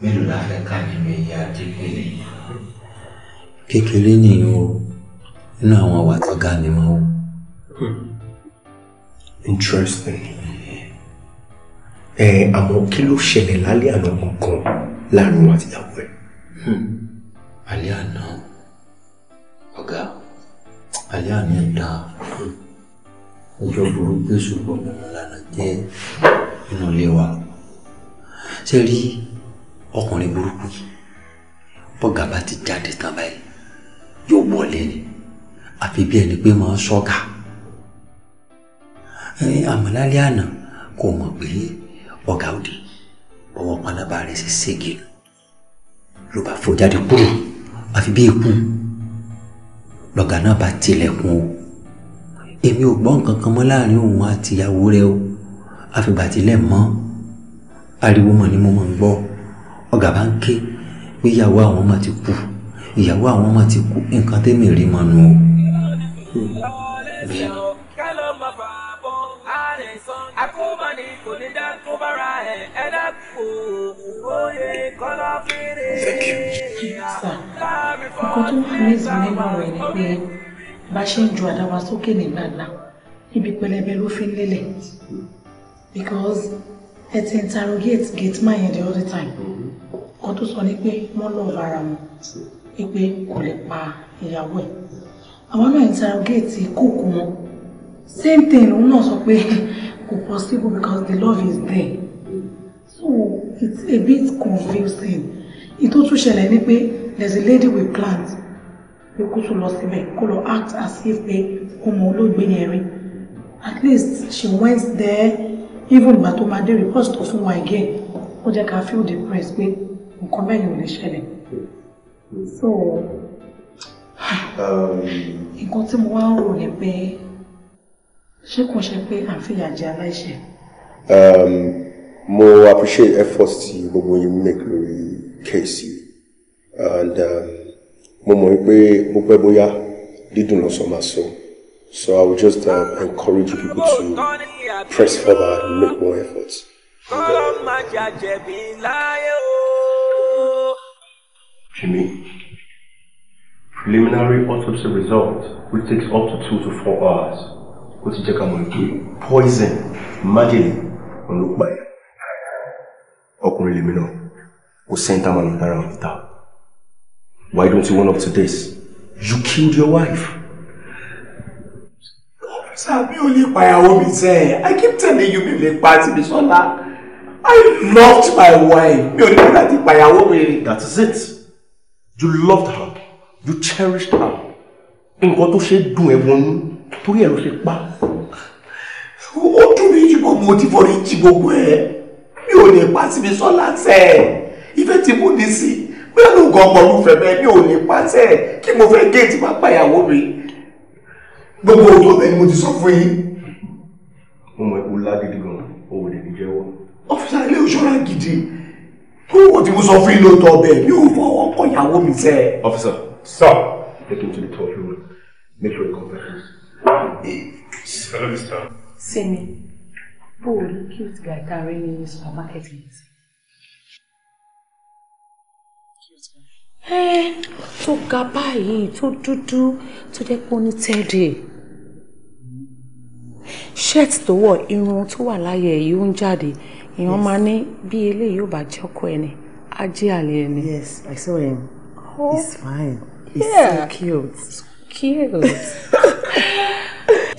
mélòó la fẹ́ ká nínú ẹ̀yà Adépẹ̀lẹ̀? Kékeré nìyẹn o, inú àwọn àwàtọ́gà ni mo wò. Hmm interesting ẹ eh, àmọ́ kí ló ṣẹlẹ̀ lálẹ́ àná gangan láàrin wa àtìyàwó ẹ̀. Hmm. alẹ́ àná ọ̀gá alẹ́ àná ẹ̀ dáa ọjọ́ burúkú ṣùgbọ́n mímú lànà jẹ́ inú ilé wa ṣe rí ọkùnrin burúkú bọ́gà bá ti jáde tán báyìí yóò wọlé ni àfi bí ẹni pé máa ń ṣọ́gà. So àmọ́ lálẹ́ àná kò mọ̀ pé ọ̀gá òde ọwọ́ pálábá rẹ̀ ṣe ségi ló bá fò jáde kúrò àfi bí ikú lọ̀gá náà bá tilẹ̀kùn o èmi ò gbọ́ nǹkan kan mọ́ láàrin òun àti ìyàwó rẹ̀ o àfìgbà tilẹ̀ mọ́ ariwo mọ̀ ni mo mọ̀ ń gbọ́ ọ̀gá bá ń ké pé ìyàwó àwọn ọmọ ti kú ìyàwó àwọn ọmọ ti kú nǹkan tẹ́mi rí mọ́nu o. Thank you. Sir, nǹkan tó ń fi mí sùn nínú ọ̀rọ̀ ẹ̀ ni pé bá ṣe ń ju àdáwà sókè nígbà náà níbi pẹlẹbẹ ló fi Because ẹ ti interrogate my head all the time. Nǹkan tó sọ ni pé wọ́n lọ ara wọn wípé kò lè pa ìyàwó ẹ̀. Àwọn náà interrogate kókó wọn. Same thing òun náà sọ pé kò possible because the love is there oh it's a bit confusing ìtò tún ṣẹlẹ̀ ni pé there's a lady with plant pé kó tún lọ síbẹ̀ kó lọ act as if pé ọmọ olóògbé yẹn rí at least she went there even ìgbà tó máa dé report tó fún wa again ó jẹ́ ká feel depressed pé nǹkan bẹ́ẹ̀ yẹn ò lè ṣẹlẹ̀ so um, nǹkan tí mo wá ń rò ni pé ṣé kò ṣe pé à ń fìyà jẹ aláìṣẹ̀. Um, mo appreciate efforts tí gbogbo yín make lórí case and um, mo mọ̀ pé ó pẹ́ bóyá dídùn lọ́sọ̀ máa sọ so I will just um, encourage people to press further and make more efforts. Jimmy, preliminary autopsy result which takes up to two to four hours ó ti jẹ́ ká mọ̀ pé poison májèlé ló pa ẹ́ ọkùnrin lèmi náà kò sẹ́ńtà máa lára wọn níta why don't you want up to this you killed your wife. ọ̀fíìsà mi ò lè pàyàwó mi sẹ́ i keep telling you mi lè pa tìbí sọ́lá i loved my wife mi ò ní kí láti pàyàwó mi. that is it you loved her you cherished her nǹkan tó ṣe dùn ẹ̀ wọnú torí ẹ̀ ló ṣe pa. ó dùn mí jù gbogbo ó ti fọ́ ní jù gbogbo ẹ̀ mi ò lè pa síbi sọ́lá tẹ̀ ìfẹ́ ti mú ní sí bóyá ló ń gan ọmọ olùfẹ́ bẹ́ẹ̀ mi ò lè pa tẹ̀ kí mo fẹ́ géètì má pàyàwó mi gbogbo ọjọ́ bẹ́ẹ̀ ni mo ti sọ fún yín. mo mọ ikú lágídí gan o ò lè ní jẹ́wọ́. ọ́fíìsà ilé ìṣọ́ra gidi kó o ti mú sọ fún yín ló tọ́ bẹ́ẹ̀ mi ò fọwọ́ kọ ìyàwó mi sẹ́. ọ́fíìsà stop take him to the top room make sure he confesses. hello mr. simi bó o rí cute guy tá a rí ní supermarket yìí sí. tó ga báyìí tó dúdú tó jẹ́ pé ó ní tẹ́ẹ̀dẹ̀ shirt tó wọ̀ irun tó wà láyé yìí ó ń jáde èèyàn máa ní bí eléyìí ò bá jẹ́ ọkọ ẹni á jẹ́ àlè ẹni. yes i saw him oh, he's fine he's yeah. so cute. so cute.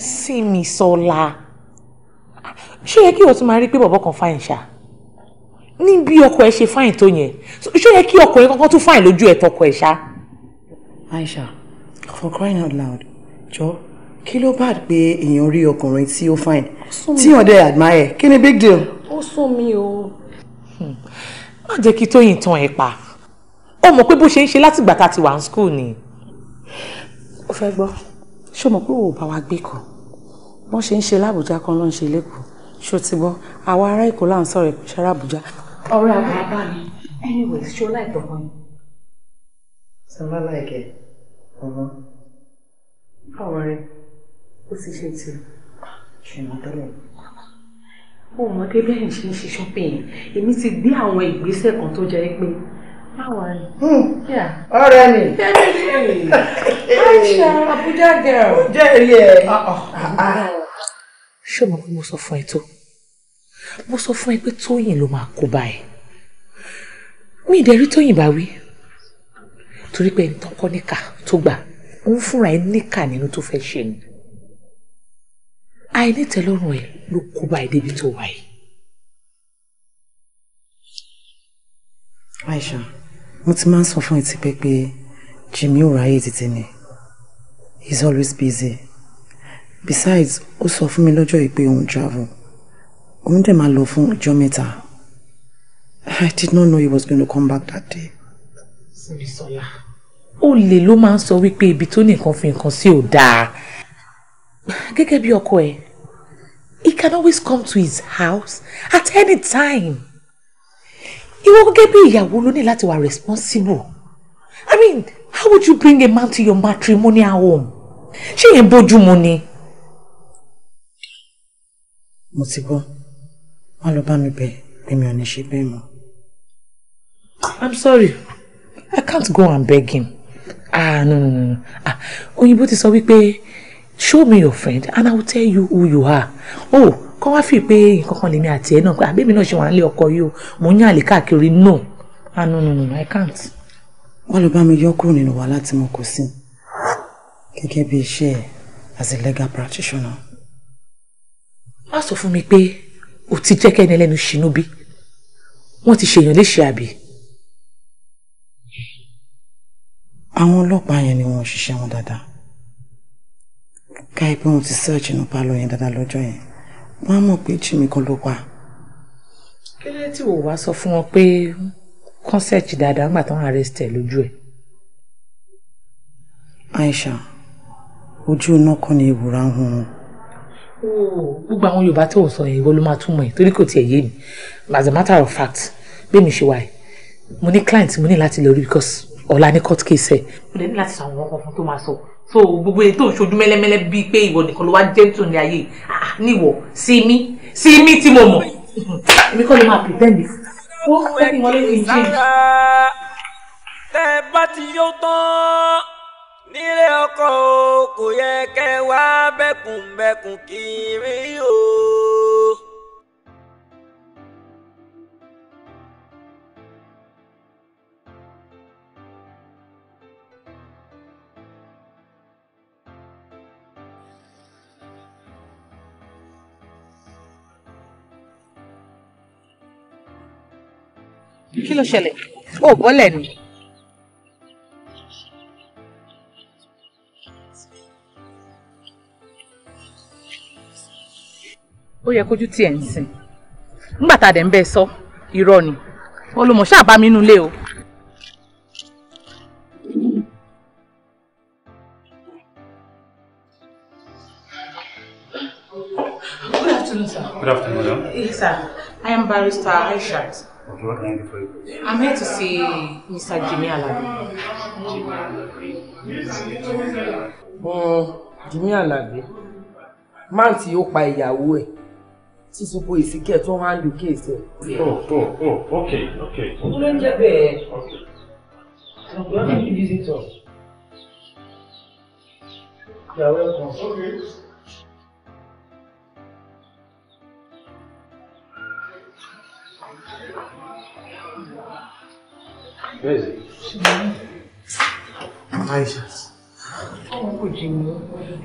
Simisola. ṣó yẹ kí o tún máa rí pé bọ̀bọ̀ kan fáyìn ṣá ní bí ọkọ ẹ ṣe fáyìn tó yẹn ṣó yẹ kí ọkọ ẹ kankan tún fáyìn lójú ẹ tọkọ ẹ ṣá. Aisha for crying out loud jọ kí ló bá pé èèyàn rí ọkùnrin tí ó fáyìn tí wọn dẹ admire kí ni big deal. ó sún mi o. Hmm. má jẹ́ kí Tóyìn tán ẹ pa ó mọ̀ pé bó ṣe ń ṣe látìgbà tá a ti wà ní school ni. ó fẹ́ gbọ́ ṣé o mọ̀ pé òun ò bá wa gbé kan wọ́n ṣe ń ṣe lábújá kan ló ń ṣe lẹ́kọ̀ọ́ ṣó ti bọ́ ará èkó là ń sọ̀rọ̀ ìpèsè arábùjá. ọ̀rẹ́ àwọn bàbá mi anyway ṣó láìpẹ́ kan yìí. sọlá láìkẹ́ ọmọ báwo rẹ ó sì ṣe ti ṣùgbọ́n tẹ́lẹ̀. ó mọ pé bẹ́ẹ̀ ṣe ń ṣe shopping èmi ti gbé àwọn ìgbésẹ̀ kan tó jẹ́ pé Hmm. ọ̀rẹ́ mi aisha abuja girl jẹ́rìí ẹ̀. Ah, ah, ah. ṣé o mọ̀ pé mo sọ fún ẹ tó mo sọ fún ẹ pé tóyìn ló máa kó bá ẹ mi ìdẹ́rí tóyìn bá wí torí pé ẹni tán kọ́ níkà tó gbà òun fúnra ẹ níkà nínú tó fẹ́ ṣe ni àìnítẹ́lọ́rùn ẹ ló kó bá ẹ débi tó wà aisha mo ti máa ń sọ fún ẹ tipẹ́ pé Jimmy ò ráyè tètè ni he's always busy besides ó sọ fún mi lọ́jọ́ yìí pé òun travel òun dẹ̀ máa lọ fún ọjọ́ mẹ́ta I did not know he was going to come back that day. Simisola olè ló máa ń sọ wípé ibi tó nìkan fi nǹkan sí ò dáa gẹ́gẹ́ bí ọkọ ẹ̀ he can always come to his house at any time ìwọ gẹ́gẹ́ bí ìyàwó ló ní láti wà responsible i mean how would you bring a man to your matrimonial home ṣé yẹn bójú mu ni. mo ti gbọ́ wọ́n lọ bá mi bẹ̀ pé ò ní ṣe bẹ́ẹ̀ mọ́. i'm sorry i can't go and beg him ah no no no ah òyìnbó ti sọ wípé show me your friend and i will tell you who you are oh kọ́ wá fi pé nǹkan kan lèmi àti ẹ̀ náà pé àbẹ́mi ah, náà ṣe wà nílé ọkọ yìí o mò ń yàn àlè káàkiri no ah no no no I can't. wọ́n lọ bá mi yọ kúrò nínú wàhálà tí mo kò sí gẹ́gẹ́ bí iṣẹ́ as a legal practitioner. má sọ fún mi pé o ti jẹ́ kẹ́ni ẹlẹ́nu ṣìnú bí wọ́n ti ṣèyàn léṣe àbí. àwọn ọlọ́pàá yẹn ni wọ́n ṣiṣẹ́ wọn dáadáa ká pé wọ́n ti search inú pálọ̀ yẹn dáadáa lọ́jọ́ yẹn wọ́n á mọ̀ pé Jimmy kan ló wà. kí ló tí wò wá sọ fún wọn pé kọ́nsẹ̀tì dáadáa ń gbà tán arrest lójú ẹ̀. Aisha ojú iná kan ni ìwòrán hun wọn. gbogbo àwọn Yorùbá tó sọ yẹn ìwọ ló máa túmọ̀ ẹ̀ torí kò tiẹ̀ yé mi as a matter of fact bẹ́ẹ̀ mi ṣe wà ẹ̀ mo ní client mo ní láti lọ rí because ọ̀la ní court case ẹ̀. mo lè ní láti sọ àwọn ọkọ̀ fún tó máa sọ so gbogbo èyí tó ń ṣojú mẹ́lẹ́mẹ́lẹ́ bíi pé ìwọ nìkan ló wá gentle ní ayé ah, ah, níwọ sí mi sí mi tí mo mọ̀ èmi kọ́ ló máa pretend it ó fẹ́ẹ́ wọlé ní james. tẹ́ bá ti yó tán nílé ọkọ o kò yẹ kẹ́ wá bẹ́kùnbẹ́kùn kiri o. kí ló ṣẹlẹ̀ ó bọ́lẹ̀ ni. ó yẹ kójú tiẹ̀ ń sìn nígbà tá a dẹ̀ ń bẹ́ẹ̀ sọ irọ́ ni olùmọ̀ ṣáà bá mi inú ilé o. Good afternoon, sir. Good afternoon, madam. Yes, sir. I am Barrister Aishat. Of what can I you? I'm here to see Mr. Jimmy Alabi. Jimmy Alabi. Jimmy Alabi. Man tí ó pa ìyàwó ẹ̀. Tí sopo ìsìnkẹ́ tó ń handle case Oh, oh, oh, okay, okay. Ó ló ń jẹ́ bẹ́ẹ̀. You welcome. Where is Oh Aisha. Jimmy! kò jí mi.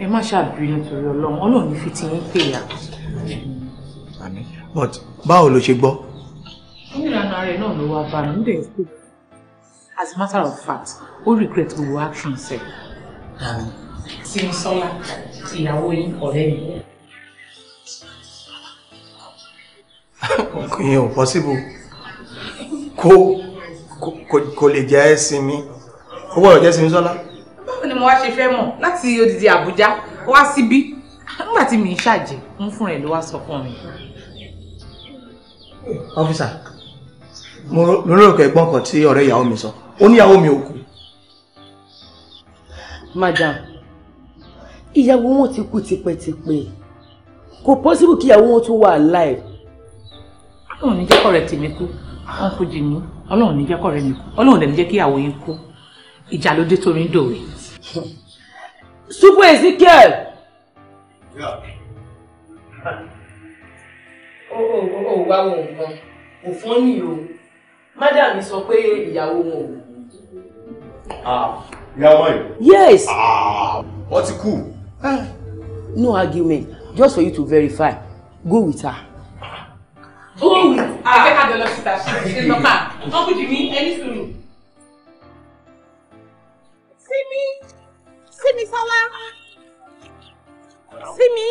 Ẹ má ṣàbínú torí Ọlọ́run. Ọlọ́run ní fi ti yín pè ya. But báwo ló ṣe gbọ́? Onílànà rẹ̀ náà ló wá as a matter of fact, ó regret gbogbo actions ẹ̀. Àmín. Tí mo sọ́lá, ìyàwó yín ọ̀rẹ́ mi. Ọkùnrin ò possible kó kò lè jẹ́ ẹ̀sìn mi ó gbọ́dọ̀ jẹ́ sinmi sọ́lá. báwo ni mo wá ṣe fẹ́ mọ̀ láti odidi Àbújá wá síbí nígbà tí mi ń ṣàjẹ́ ń fúnra ẹ̀ ló wá sọ fún mi. ọ́fíìsà mo lérò pé ẹ̀gbọ́n kan tí ọ̀rẹ́ ìyàwó mi sọ ó ní ìyàwó mi ò kú. madam ìyàwó wọn ti kú tipẹ́tipẹ́ kò possible kí ìyàwó wọn tún wà alive. báwo ni jẹ́kọ̀ọ́ rẹ̀ tèmi kú wọn kú jì mí ọlọ́run ní jẹ́ kọ́rẹ́ mi kú ọlọ́run dẹ̀ ní jẹ́ kí àwọn yín kú ìjà ló dé torí ń dòwe. Super Ezekiel. ó ó ó wá wọn nǹkan kò fún ní o mádà sọ pé ìyàwó wọn ah, ìyàwó ẹ̀. yes. wọ́n ah, ti kú. Ah, no argument just for you to verify go with her owó wì àbẹ́ ká jọ lọ síta ṣe how could you mean any sùúrù. Simi Simi sola, Simi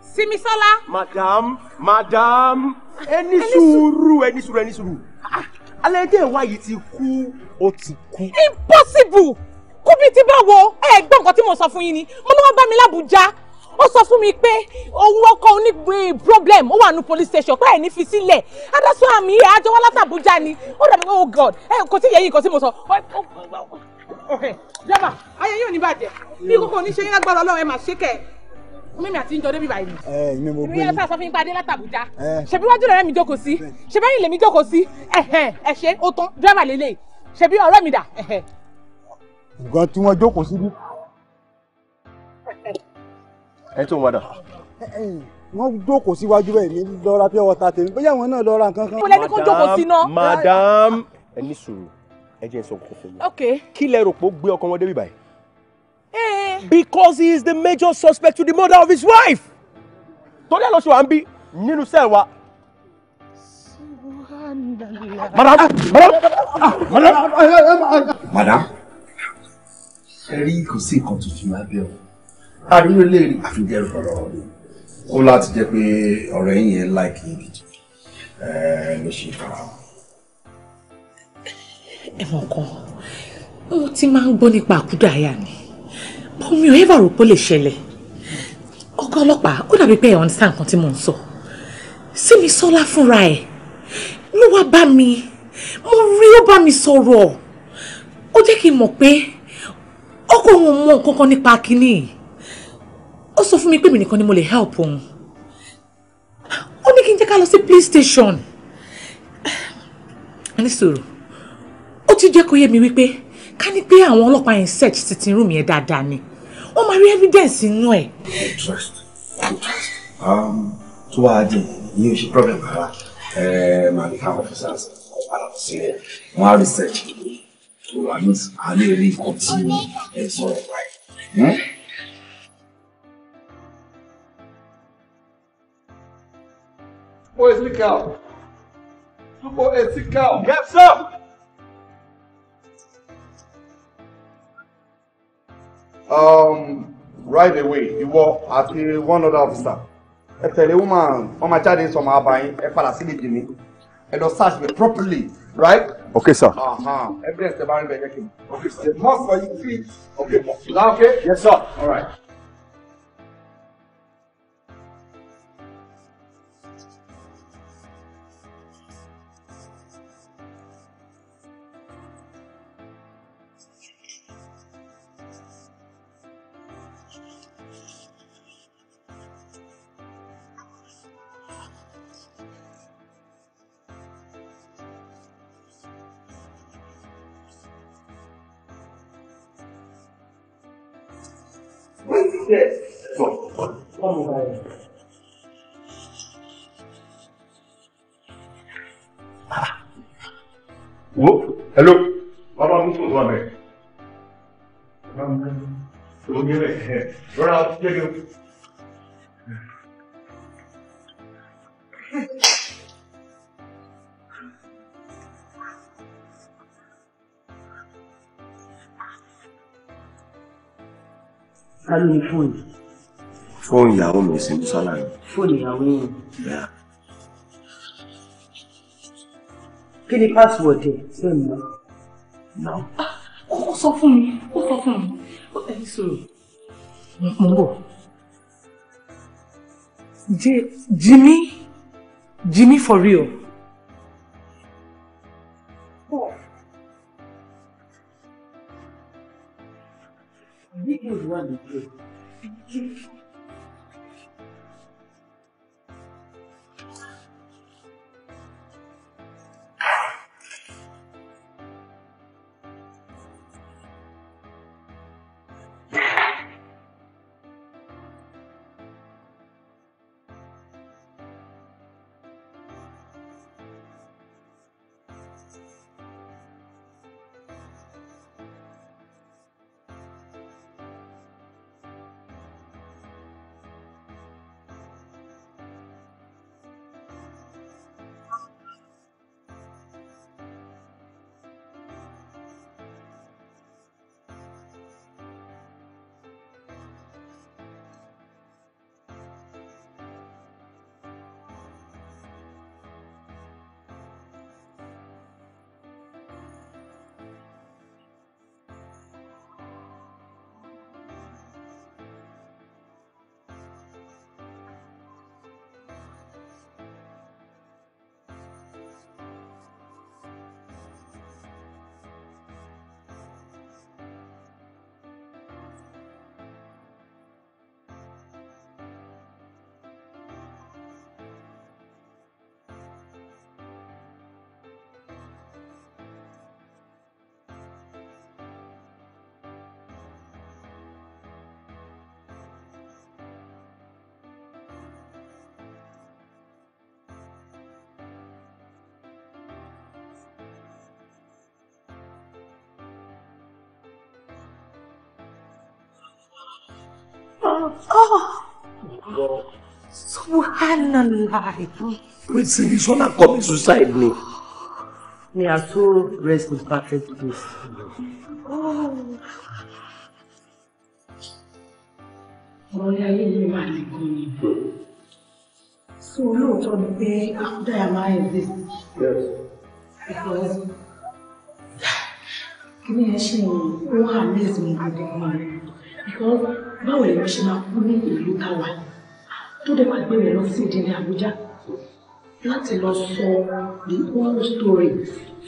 Simi sola. Madam Madam ẹni sùúrù ẹni sùúrù ẹni sùúrù ah, alẹ́ dé ìwá yìí ti kú or ti kú. Impossible kúbi ti bá wo don't go to tí mo sọ fún yín ni mo ní wọ́n bá mi lábùjá ó sọ fún mi pé òun ọkọ oní problem ó wà ní police station pé àìní fi sílẹ̀ adásọ àmì ìyá àjọwọ́ látàbújá ni ó dàbí pé oh god ẹ kò tí ì yẹ yìí kò tí mo sọ. jọba ayé yóò ní bàjẹ́ bí kókó oníṣẹ́ yín lágbára ọlọ́run ẹ máa ṣe kẹ́ mímí àti ìjọ débi báyìí. ẹ mi mo gbé yín. ìrìn àti àsọfún ìpàdé látàbújá. ṣebí wájú rẹ̀ mi jókòó sí ṣebí ẹ̀yìn lèmi jókòó sí ẹ̀hẹ̀ ẹ̀ṣẹ̀ ó tán dírẹ́bà lélẹ̀ ṣebí ọ̀rẹ́ mi dà. nǹkan tí wọ́n jókòó síbí ẹ tó wọ́n dà. jókòó síwájú bẹ́ẹ̀ mi lọ ra pure water tèmi bóyá àwọn náà lọ nǹkan kan. mọ̀lẹ́ni kò jókòó sí madam ẹ ní sùúrù ẹ jẹ́ sọ nǹkan fún mi. ok kí lẹ rò pé ó gbé ọkọ wọn débi báyìí. because he is the major suspect to the murder of his wife. torí ẹ lọ ṣe wà ń bí nínú sẹ́ẹ̀ wa madame madame madame madame ẹ rí kò sí nǹkan tó fi máa àríwé léèrè àfijẹ́rù ọ̀rọ̀ rẹ̀ ó láti jẹ́ pé ọ̀rẹ́ yín yẹn láìkì yín gidi ló ṣe fara hàn. ẹ̀wọ̀n kan mo ti máa ń gbọ́ nípa àkúdàáyà ni mo mi ò yẹ́bà rò pé lè ṣẹlẹ̀ ọgá ọlọ́pàá ó dàbí pé ẹ̀họ́n sáà nǹkan tí mò ń sọ sí mi sọ́lá fúnra ẹ̀ ló wá bá mi mo rí ó bá mi sọ̀rọ̀ ó jẹ́ kí n mọ̀ pé ọkọ òun mọ nǹkan kan nípa kínní yìí ó sọ fún mi pé mi nìkan ni mo lè help òun ó ní kí n jẹ́ ká lọ sí police station ní sòrò ó ti jẹ́ kó yé mi wípé ká ní pé àwọn ọlọ́pàá yẹn search sitting room yẹn dáadáa ni wọ́n máa rí evidence inú ẹ̀. interest interest um, tó bá a dín ní oṣù problem rárá màmí ká officers ọ̀pára sílẹ̀ wọ́n á research wọ́n á ní àlè rí nǹkan tí ẹ sọ̀rọ̀ báyìí. Hmm? Poesical. Poesical. Yes, sir. Um, right away, ìwọ àti one other officer. Ẹ tẹ̀lé woman, ọmọ ajáde sọ ma bá yín, ẹ padà sí lèjì mi. Ẹ lọ search me properly, right? Okay, sir. Evidence ẹ bá rí bẹ̀rẹ̀ kí n. Okay, sir. Must for you feet. Okay, is that okay? Yes, sir. All right. ló ní fóònù. fóònù ìyàwó mi sì ń sọ́là mi. fóònù ìyàwó yẹn. kí ni password ẹ ṣe ń mọ. ó sọ fún mi ó sọ fún mi ó ẹni sọ̀rọ̀ mo ń bọ̀. Jimmy Jimmy for real. Subhanallah. Wait, see, Sola commit suicide ni. May our soul rest in perfect peace. Ọ̀rẹ́ ayé mi máa lè gan ni. So lóòótọ́ ni pé àkúdá yà máa Yes. Because kí ni ẹ ṣe ń wà ní ìsinmi gbogbo gan because báwo lè wọ́n ṣe máa kú ní ìlú táwa tó dẹ̀ máa gbé wọn lọ sí ìdílé Àbújá láti lọ sọ the whole story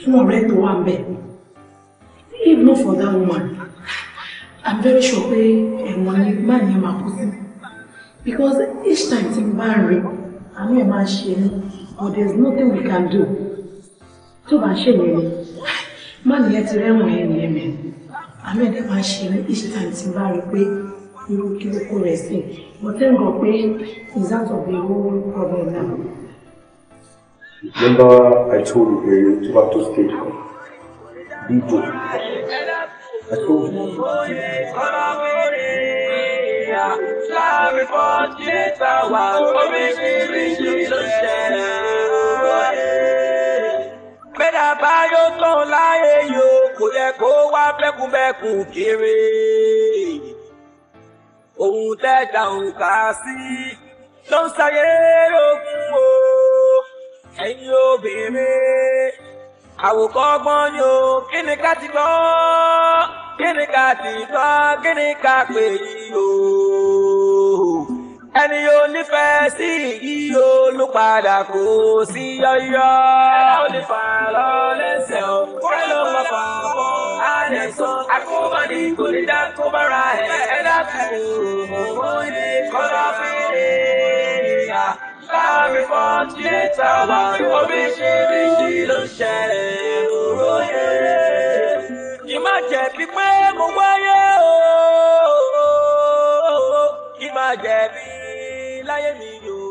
fún ọ̀rẹ́ tó wà ń bẹ̀. if not for that woman i'm very sure pé ẹ̀wọ̀n ni máa yẹn máa kú sí because each time tí mo bá ń rí àánú ẹ̀ máa ṣe mí but there's nothing we can do tó bá ṣèlérí má nìyẹn ti rẹ́wọ̀n ẹ̀ nìyẹn mẹ́rin ahmed máa ṣe each time bá rí pé irú kí ló kó rẹ̀ sí mo tẹ́ǹgọ̀ pé ìzáàtọ̀ bí owó problem náà. Remember I told you pé tó bá stage kan bí jò I told you. Láàrin bẹ́ẹ̀dá báyọ̀ tán láyé yìí o kò yẹ kó wá bẹ́kúnbẹ́kún kiri ohun tẹ́jà ń kà sí ló ń sáyé ogun o ẹ̀yin obìnrin àwòkọ́gbọ́n ni o kí ni ká ti gbọ́ kí ni ká ti gbọ́ kí ni ká pè yìí o ẹni yóò nífẹ̀ẹ́ sí iyo ló padà kó sí yọ́yọ́. ẹ̀rọ onífà lọ lẹ́sẹ̀ o kọ́lé ló máa fà bọ́ àdẹ̀sọ́ akóbọ̀dì kò ní dá kó bára ẹ̀ ẹ̀dá kù mọ́ ní kọ́lá fèrè ìyá. Láàbí fọ́ọ̀tì létà wá oríṣiríṣi ló ṣẹlẹ̀ òró yẹrẹ. Ìmájẹ̀bi pé mo wáyé o. Ìmájẹ̀bi. láyé mi yòó.